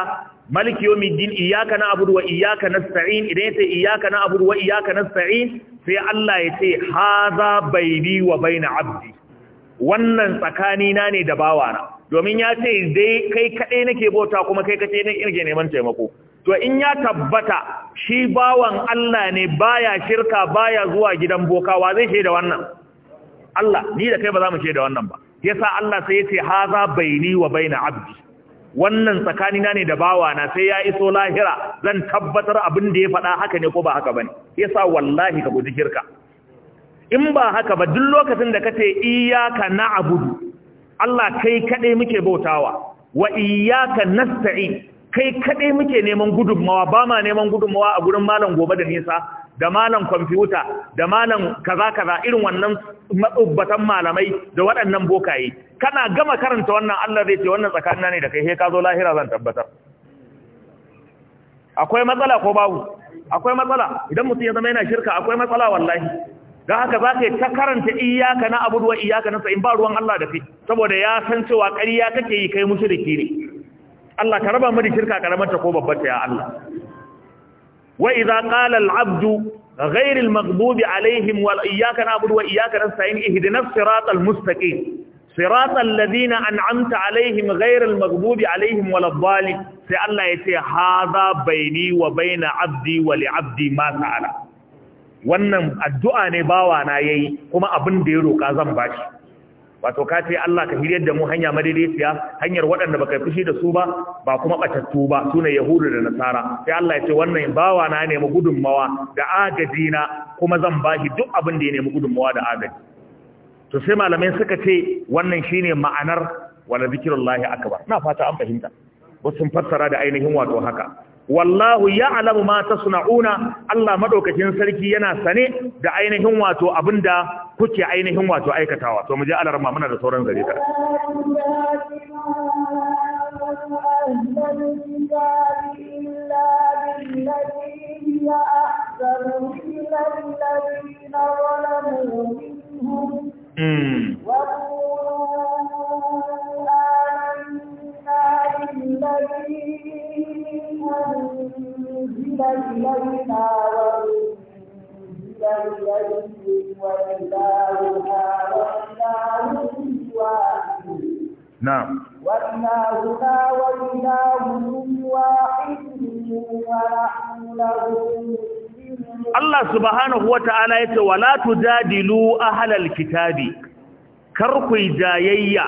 Speaker 1: maliki yawmiddin iyyaka na'budu wa iyyaka nasta'in idan yace iyyaka na'budu wa iyyaka nasta'in sai Allah yace hadha baini wa Bayna abdi wannan tsakani na ne da bawana domin ya ce dai kai kaɗai nake bauta kuma kai kaɗai nake neman taimako to in ya tabbata shi bawan Allah ne baya shirka baya zuwa gidan boka wa zai shaida wannan Allah ni da kai ba za mu shaida wannan ba yasa Allah sai ya ce haza baini wa baina abdi wannan tsakanina ne da na sai ya iso lahira zan tabbatar abin da ya faɗa haka ne ko ba haka bane yasa wallahi ka guji shirka in ba haka ba duk lokacin da kace iyyaka na'budu Allah kai kade muke bautawa wa iyyaka nasta'in kai kade muke neman gudunmawa ba ma neman gudunmawa a gurin malam gobe da nisa da malam kwamfuta da malam kaza kaza irin wannan matsubbatan malamai da waɗannan bokaye kana gama karanta wannan Allah zai ce wannan tsakanina ne da kai he ka zo lahira zan tabbatar akwai matsala ko babu akwai matsala idan mutum ya zama yana shirka akwai matsala wallahi da aka ba ka ta karanta iyyaka na abudu wa iyyaka na in ba ruwan Allah da fi saboda ya san cewa ƙarya take yi kai musu ne Allah ka raba mu da shirka karamar ta ko babbar ta ya Allah wa idza qala al-abdu ghayr al maghdub alaihim wa iyyaka na abudu wa iyyaka na nasta'in sirat al mustaqim siratal ladina an'amta alaihim ghayr al-maghdubi alaihim wal dhalin sai Allah ya ce hadha bayni wa bayna abdi wa li abdi ma sa'ala wannan addu'a ne bawa na yi kuma abin da ya roƙa zan ba shi. wato ka ce Allah ka hiryar da mu hanya siya hanyar waɗanda ba baka fushi da su ba ba kuma batattu ba ne yahudu da nasara sai Allah ya ce wannan bawa na nemi gudunmawa da agaji na kuma zan ba shi duk abin da ya nemi gudunmawa da agaji to sai malamai suka ce wannan shine ma'anar wala aka akbar na fata an fahimta wasu fassara da ainihin wato haka wallahu ya'lamu ma tasna'una Allah madaukakin sarki yana sane da ainihin wato abinda kuke ainihin wato aikatawa to mu je alarma muna da sauran gari ka
Speaker 2: hmm. Hmm. Allah subhanahu wa ta'ala ya ce, Wala
Speaker 1: tujadilu ahalal kitabi, kar ku jayayya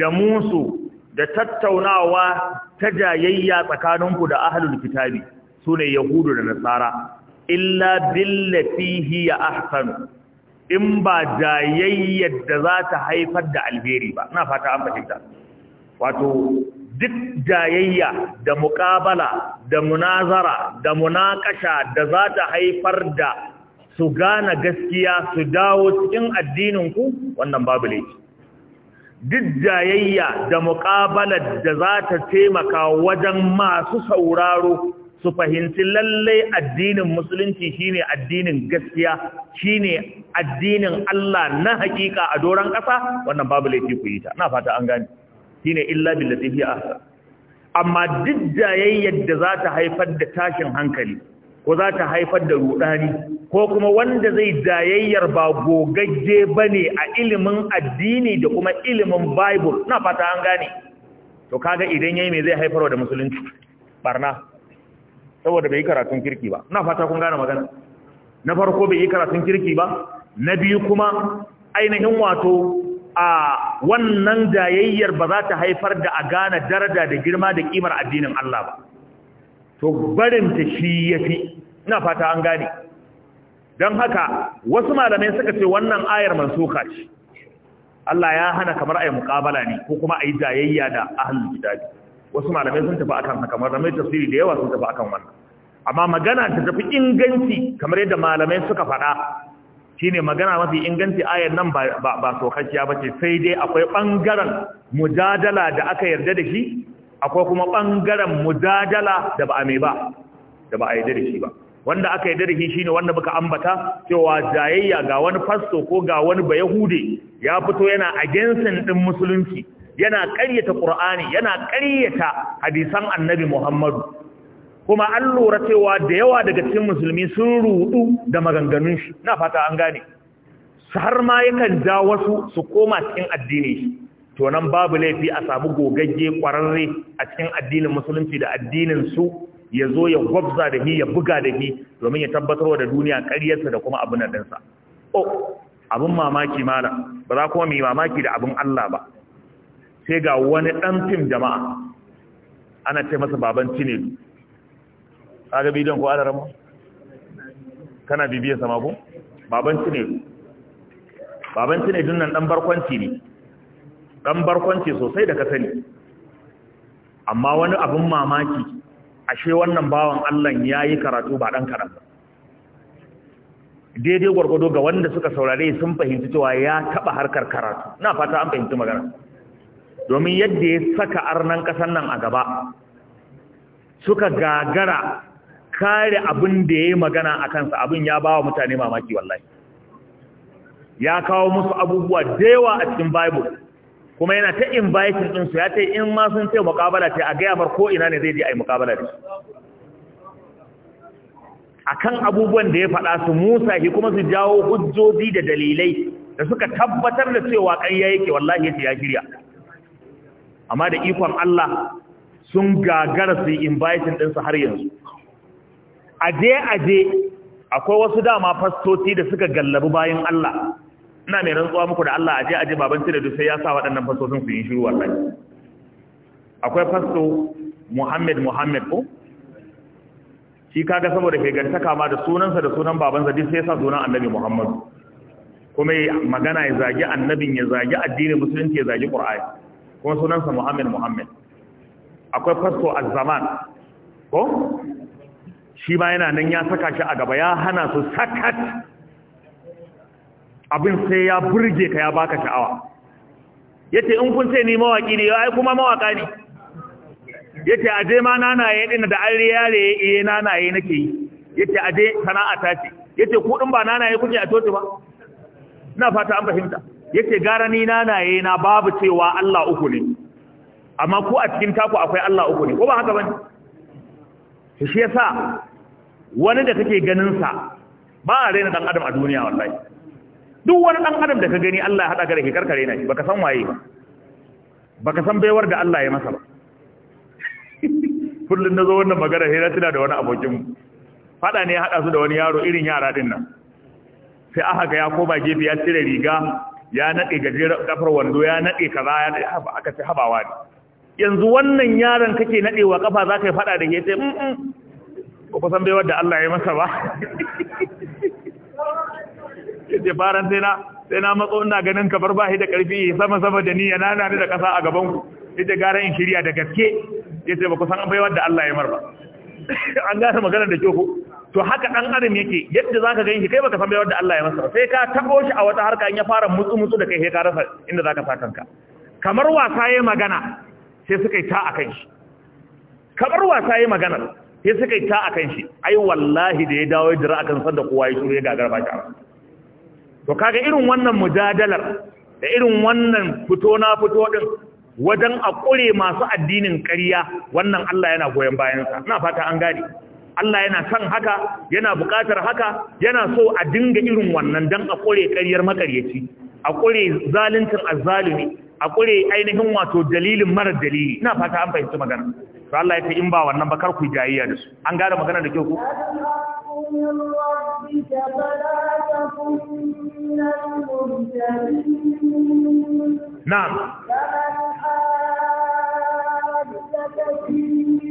Speaker 1: da musu da tattaunawa ta jayayya tsakaninku da ahalul kitabi. su ne yahudu da nasara illa billati hiya ahsan in ba jayayyar da za ta haifar da alheri ba ina fata an fahimta wato duk jayayya da muƙabala da munazara da munakasha da za ta haifar da su gane gaskiya su dawo cikin addininku wannan babu laifi duk jayayya da muƙabalar da za ta taimaka wajen masu sauraro su fahimci lallai addinin musulunci shine addinin gaskiya shine addinin Allah na hakika a doron ƙasa wannan babu laifi ku yi ta ina fata an gane shine illa billati fi ahsa amma duk jayayyar da za ta haifar da tashin hankali ko za ta haifar da rudani ko kuma wanda zai dayayyar ba gogagge bane a ilimin addini da kuma ilimin bible ina fata an gane to kaga idan yayi me zai haifarwa da musulunci barna saboda bai yi karatun kirki ba na fata kun gane magana na farko bai yi karatun kirki ba na biyu kuma ainihin wato a wannan jayayyar ba za ta haifar da a gane daraja da girma da kimar addinin Allah ba to barin ta shi yafi ina fata an gane don haka wasu malamai suka ce wannan ayar mansuka ce Allah ya hana kamar ayi muƙabala ne ko kuma ayi jayayya da ahlul kitabi wasu malamai sun tafi akan haka malamai tafsiri da yawa sun tafi akan wannan amma magana ta tafi inganci kamar yadda malamai suka faɗa shine magana mafi inganci ayar nan ba ba sokakkiya bace sai dai akwai bangaren mujadala da aka yarda da shi akwai kuma bangaren mujadala da ba a mai ba da ba a yarda da shi ba wanda aka da shi shine wanda muka ambata cewa jayayya ga wani fasto ko ga wani bayahude ya fito yana agensin din musulunci yana ƙaryata ƙur'ani yana ƙaryata hadisan annabi muhammadu kuma an lura cewa da yawa daga cikin musulmi sun rudu da maganganun shi na fata an gane har ma yakan ja wasu su koma cikin addini shi to nan babu laifi a samu gogagge kwararre a cikin addinin musulunci da addinin su ya zo ya gwabza da shi ya buga da shi domin ya tabbatar da duniya ƙaryarsa da kuma abin ɗinsa. Oh, abin mamaki mala, ba za kuma mai mamaki da abin Allah ba. sai ga wani ɗan fim jama'a ana ce masa baban cine kaga bidon ko ana rama kana bibiyar sama ko baban cine baban cine dun nan ɗan barkwanci ne ɗan barkwanci sosai da ka sani amma wani abin mamaki ashe wannan bawan Allah ya yi karatu ba ɗan karatu daidai gwargwado ga wanda suka saurare sun fahimci cewa ya taɓa harkar karatu na fata an fahimci magana domin yadda ya saka arnan ƙasar nan a gaba suka gagara kare abin da ya yi magana a kansa abin ya ba wa mutane mamaki wallahi ya kawo musu abubuwa da yawa a cikin bible kuma yana ta inviting ɗinsu ya ta'i in ma sun ce mukabala ce a gaya ko ina ne zai je a yi mukabala da a kan abubuwan da ya faɗa su musa shi kuma su jawo hujjoji da dalilai da suka tabbatar da cewa ƙarya yake wallahi ya ce ya shirya amma da ikon Allah sun gagara su yi inviting ɗinsu har yanzu aje aje akwai wasu dama fastoci da suka gallabi bayan Allah ina mai rantsuwa muku da Allah aje aje baban da sai ya sa waɗannan fastocin su yi shiru wallahi akwai fasto Muhammad Muhammad ko shi kaga saboda gantaka ma da sunansa da sunan babansa duk sai ya sa sunan Annabi Muhammad kuma magana ya zagi annabin ya zagi addinin musulunci ya zagi Qur'ani kuma sunansa muhammad muhammad akwai fasto zaman ko shi ma yana nan ya saka shi a gaba ya hana su sakat abin sai ya burge ka ya baka sha'awa yace in kun sai ni mawaki ne ai kuma mawaka ne yace aje ma nanaye din da an riyare eh nanaye nake yi yace aje sana'a ta ce yace ku din ba nanaye kuke a toti ba ina fata an fahimta yake gara ni nanaye na babu cewa Allah uku ne amma ko a cikin taku akwai Allah uku ne ko ba haka bane shi yasa wani da kake ganin sa ba a rena dan adam a duniya wallahi duk wani dan adam da ka gani Allah ya hada ka da ke karkare na shi baka san waye ba baka san baiwar da Allah ya masa ba kullun nazo wannan magana sai na tuna da wani abokin fada ne ya hada su da wani yaro irin yara din nan sai aka ga ya koma gefe ya cire riga ya naɗe gajeren kafar wando ya naɗe kaza ya naɗe haba aka ce habawa ne yanzu wannan yaron kake naɗewa kafa za ka yi faɗa da ke ce ba ko san baiwar da Allah ya masa ba ce faran sai na sai na matso ina ganin ka bar bahi da karfi sama sama da niyya nana nani da kasa a gaban ku yace gara in shirya da gaske yace ba kusan san baiwar da Allah ya marba an gane magana da kyau ko to haka dan adam yake yadda zaka ganshi kai baka san bai wanda Allah ya masa sai ka tabo shi a wata harka in ya fara mutsu mutsu da kai sai ka rasa inda zaka sa kanka kamar wasa yayin magana sai suka yi ta akan shi kamar wasa yayin magana sai suka yi ta akan shi ai wallahi da ya dawo da jira akan san da kowa ya shuru ya Garba ba to kaga irin wannan mujadalar da irin wannan fito na fito din wajen a kure masu addinin ƙarya wannan Allah yana goyon bayansa ina fata an gane Allah yana son haka yana buƙatar haka yana so a dinga irin wannan dan a kore ƙaryar makaryaci a kore zaluncin azzalumi a kore ainihin wato dalilin mara dalili ina fata an fahimci magana to Allah ya ce in ba wannan ba kar ku jayayya da su an gane magana da kyau
Speaker 2: ku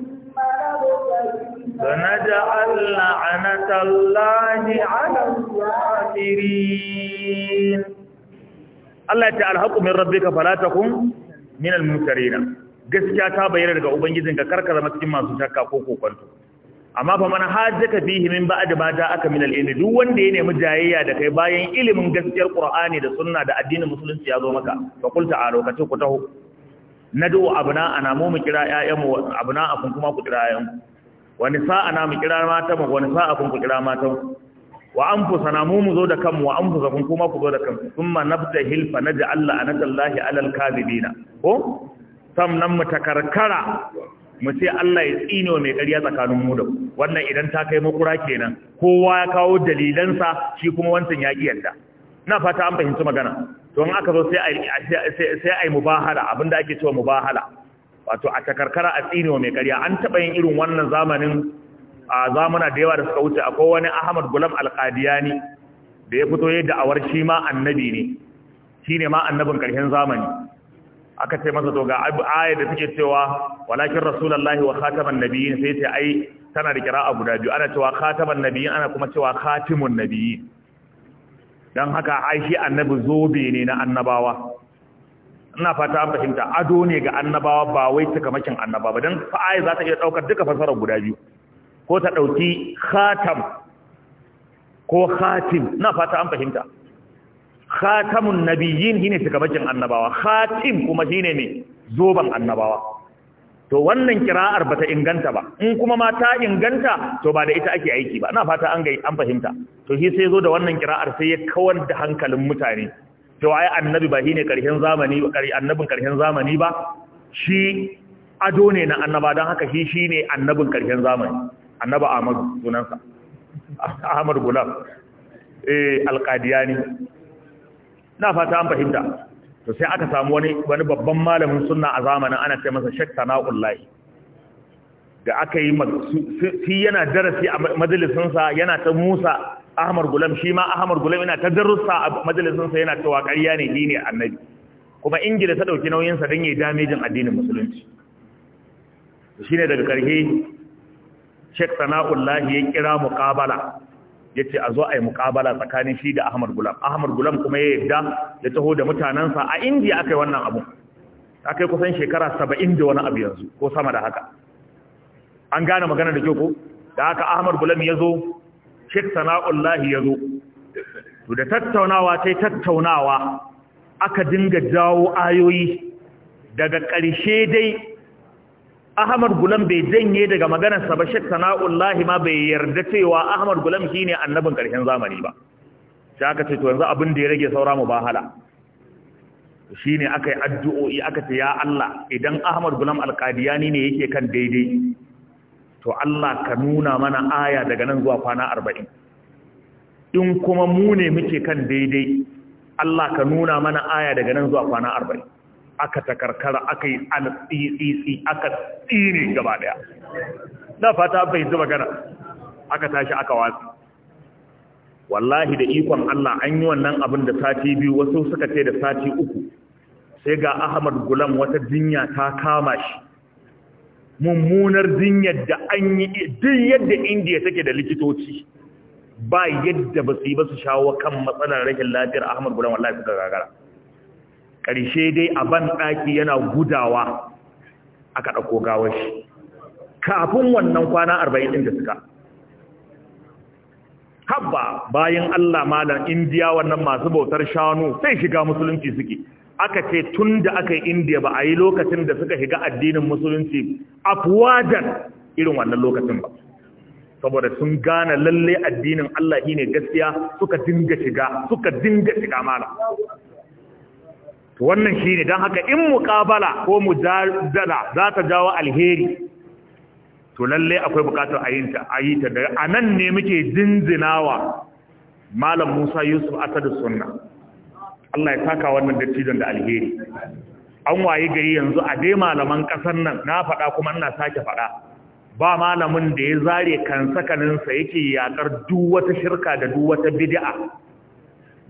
Speaker 3: فنجعل
Speaker 1: لعنة الله على الكافرين الله تعالى حق من ربك فلا تكن من المنكرين gaskiya ta bayyana daga ka karkar zama cikin masu shakka ko kokonto amma fa man hajjaka bihi min ba ma ja'aka min al-ilm duk wanda ya nemi jayayya da kai bayan ilimin gaskiyar qur'ani da sunna da addinin musulunci ya zo maka fa qul ta'alu ka ku taho nadu abna ana mu mu kira ƴaƴanmu abna akun kuma ku kira ƴaƴanku wani sa'a na mu kira mata mu wani sa'a kun ku kira mata mu? wa an anfusana mu mu zo da kanmu wa an anfusakum kuma ku zo da kanmu? na fita kanku thumma nabtahil fa naj'al la'anatallahi 'alal kadhibina ko sannan mu takarkara mu ce Allah ya tsino mai ƙarya tsakanin mu da wannan idan ta kai makura kenan kowa ya kawo dalilansa shi kuma wancan ya ƙi yadda na fata an fahimci magana To don aka zo sai a yi mubahara abinda ake cewa mubahala wato a takarkara a tsinewa mai karya an taɓa yin irin wannan zamanin a zamana da yawa da suka wuce akwai wani ahmad gulam alƙadiyani da ya fito yadda awar shi ma annabi ne shi ne ma annabin ƙarshen zamani aka ce masa to ga ayar da take cewa walakin rasulullahi wa khataman nabiyyin sai ce ai tana da kira'a guda biyu ana cewa khataman nabiyyin ana kuma cewa khatimun nabiyyin dan haka ai shi annabi zobe ne na annabawa ina fata an fahimta ado ne ga annabawa ba wai takamakin annabawa. ba don fa'ayi za ta iya ɗaukar duka fasarar guda biyu ko ta dauki khatam ko khatim ina fata an fahimta khatamun nabiyyin shine takamakin annabawa khatim kuma shine ne zoban annabawa to wannan kira'ar bata inganta ba in kuma ma ta inganta to ba da ita ake aiki ba ina fata an ga an fahimta to shi sai zo da wannan kira'ar sai ya kawar da hankalin mutane to ai annabi ba shine karshen zamani ba? annabin karshen zamani ba shi ado ne na annaba don haka shi shine annabin karshen zamani annaba Ahmad sunansa Ahmad Gulam eh alqadiyani na fata an fahimta to sai aka samu wani wani babban malamin sunna a zamanin ana ce masa Sheikh Sanaullahi da aka yi shi yana darasi a majalisinsa yana ta musa ahmar gulam shi ma ahmar gulam yana ta a a sa yana cewa ƙarya ne dini annabi kuma ingila ta dauki ɗauki sa dan yi damejin addinin musulunci shi ne daga ƙarhe Sheikh Sanaullah ya kira muqabala ya a zo a yi muqabala tsakanin shi da ahmar gulam ahmar gulam kuma ya yadda ya taho da mutanansa a indiya akai wannan abu akai kusan shekara saba'in da wani abu yanzu ko sama da haka an gane magana da kyau ko da haka ahmar gulam ya zo Sheikh lahi ya zo to da tattaunawa sai tattaunawa aka dinga jawo ayoyi daga ƙarshe dai Ahmad Gulam bai janye daga maganarsa ba Sheikh lahi ma bai yarda cewa Ahmad Gulam shine annabin ƙarshen zamani ba sai aka ce to yanzu abin da ya rage saura mu shi shine aka yi addu'o'i aka ce ya Allah idan Ahmad Gulam Alƙadiyani ne yake kan daidai to Allah ka nuna mana aya daga nan zuwa kwana arba'in in kuma mu ne muke kan daidai Allah ka nuna mana aya daga nan zuwa kwana arba'in aka takarkara aka yi altsitsitsi aka tsire gaba daya na fata bai zuba gana aka tashi aka watsi wallahi da ikon Allah an yi wannan abin da sati biyu wasu suka ce da sati uku sai ga Ahmad Gulam wata dunya ta kama shi mummunar jinyar da an yi duk yadda indiya take da likitoci ba yadda ba su yi ba su shawo kan matsalar rashin lafiyar ahmad gudan wallahi suka gagara ƙarshe dai a ban ɗaki yana gudawa aka ɗauko gawar shi kafin wannan kwana arba'in ɗin da suka habba bayan allah malam indiya wannan masu bautar shanu sai shiga musulunci suke aka ce tun da aka yi indiya ba a yi lokacin da suka shiga addinin musulunci afwajan irin wannan lokacin ba saboda sun gane lalle addinin Allah yi ne gaskiya suka dinga shiga suka dinga shiga mana wannan shi ne don haka in muƙabala ko mu mujadala za ta jawo alheri to lalle akwai bukatar a yi ta da a nan ne muke jinzinawa malam musa yusuf asadu sunna Allah ya saka wannan dattijon da alheri an waye gari yanzu a dai malaman kasar nan na faɗa kuma ina sake faɗa ba malamin da ya zare kan sakaninsa yake yakar duk wata shirka da duk wata bid'a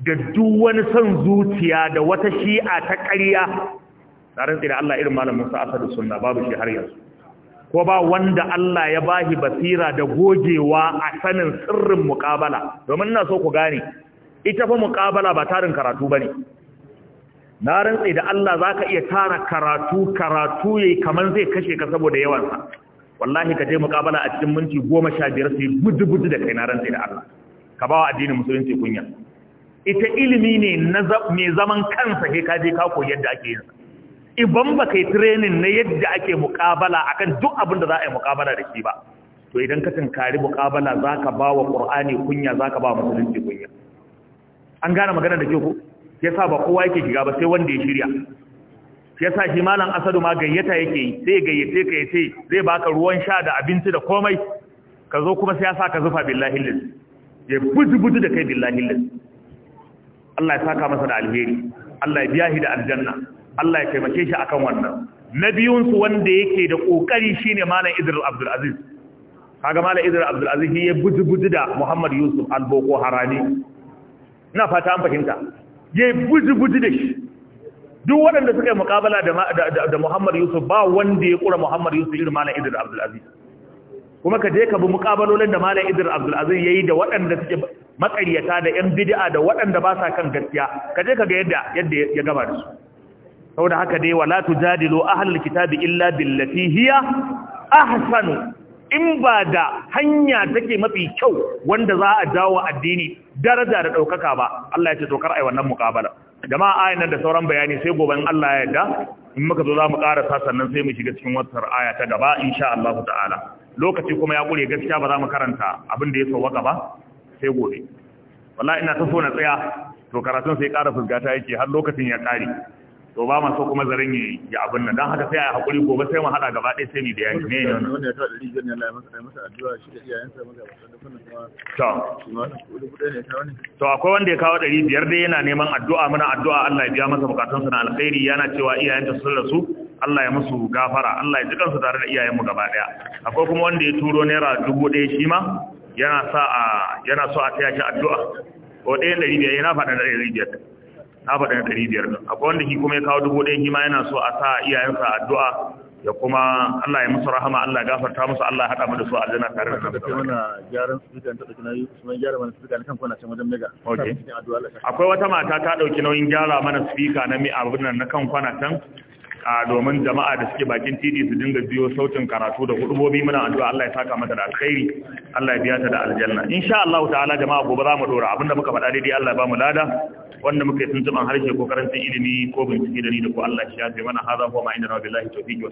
Speaker 1: da duk wani son zuciya da wata shi'a ta ƙarya na rantsi da Allah irin malamin sa asadu sunna babu shi har yanzu ko ba wanda Allah ya bahi basira da gogewa a sanin sirrin muƙabala domin ina so ku gane ita fa muqabala ba tarin karatu bane na rantsi da Allah zaka iya tara karatu karatu yayi kaman zai kashe ka saboda yawan sa wallahi ka je muqabala a cikin minti 15 sai gudu gudu da kai na rantsi da Allah ka bawa addinin musulunci kunya ita ilimi ne na mai zaman kansa sai ka je ka koyi yadda ake yin sa idan ba kai training na yadda ake muqabala akan duk abin da za a yi muqabala da shi ba to idan ka tunkari muqabala zaka bawa wa qur'ani kunya zaka ba musulunci kunya an gane magana da ke ku ya sa ba kowa yake shiga ba sai wanda ya shirya ya sa shi malam asadu ma gayyata yake yi sai gayyace ka yace zai baka ruwan sha da abinci da komai ka zo kuma sai ya sa ka zufa billahi lillahi ya buji buji da kai billahi lillahi Allah ya saka masa da alheri Allah ya biya shi da aljanna Allah ya taimake shi akan wannan na biyun su wanda yake da kokari shine malam Idris Abdul Aziz kaga malam Idris Abdul Aziz ya buji buji da Muhammad Yusuf Alboko Harani ina fata an fahimta ya yi buji-buji da shi duk waɗanda suka yi makabala da Muhammadu yusuf ba wanda ya ƙura Muhammadu yusuf irin malam idris abdulaziz kuma ka je ka bi mukabalolin da malam idris abdulaziz ya yi da waɗanda suke makaryata da yan bidi'a da waɗanda ba sa kan gaskiya ka je ka ga yadda yadda ya gaba da su da haka dai wala tujadilu ahlul kitabi illa billati hiya ahsanu in ba da hanya take mafi kyau wanda za a dawo addini daraja da ɗaukaka ba Allah ya ce tokar ai wannan muƙabala jama'a ayin nan da sauran bayani sai gobe in Allah ya yarda in muka zo za mu ƙarasa sannan sai mu shiga cikin wata aya ta gaba insha Allah ta'ala lokaci kuma ya ƙure gaskiya ba za mu karanta abin da ya sauwaka ba sai gobe wallahi ina ta so na tsaya to karatun sai ƙara fuskata yake har lokacin ya ƙare to ba masu kuma zaren ya yi abin nan don haka sai a haƙuri gobe sai mu haɗa gaba ɗaya sai ni da yanki ne ne wanda ya ɗari biyar ne Allah ya masa addu'a shi da iyayensa maza wasu
Speaker 2: da kuma
Speaker 1: to akwai wanda ya kawo ɗari biyar dai yana neman addu'a mana addu'a Allah ya biya masa bukatunsa na alkhairi yana cewa iyayenta sun rasu Allah ya musu gafara Allah ya ji kansu tare da iyayenmu gaba ɗaya akwai kuma wanda ya turo naira dubu ɗaya shi ma yana sa a yana so a taya shi addu'a ko ɗaya ɗari biyar yana faɗa da ɗari biyar na faɗa ɗari biyar ɗin akwai wanda shi kuma ya kawo dubu ɗaya shi ma yana so a sa iyayensa addu'a ya kuma Allah ya musu rahama Allah ya gafarta musu Allah ya haɗa mu da su aljanna tare da nan. Kai mana gyaran sukan ta dauki nauyi Usman gyara mana suka ne kan kona can wajen mega. Okay. Akwai wata mata ta dauki nauyin gyara mana speaker na mi abin nan na kan kwana can a domin jama'a da suke bakin titi su dinga biyo sautin karatu da hudubobi muna addu'a Allah ya saka mata da alkhairi Allah ya biya ta da aljanna insha Allah ta'ala jama'a gobe za mu dora abinda muka faɗa daidai Allah ya ba mu lada wanda muka yi tuntuban harshe ko karancin ilimi ko bincike da ni da ku Allah ya shafe mana hadha huwa ma inna billahi tawfiq wa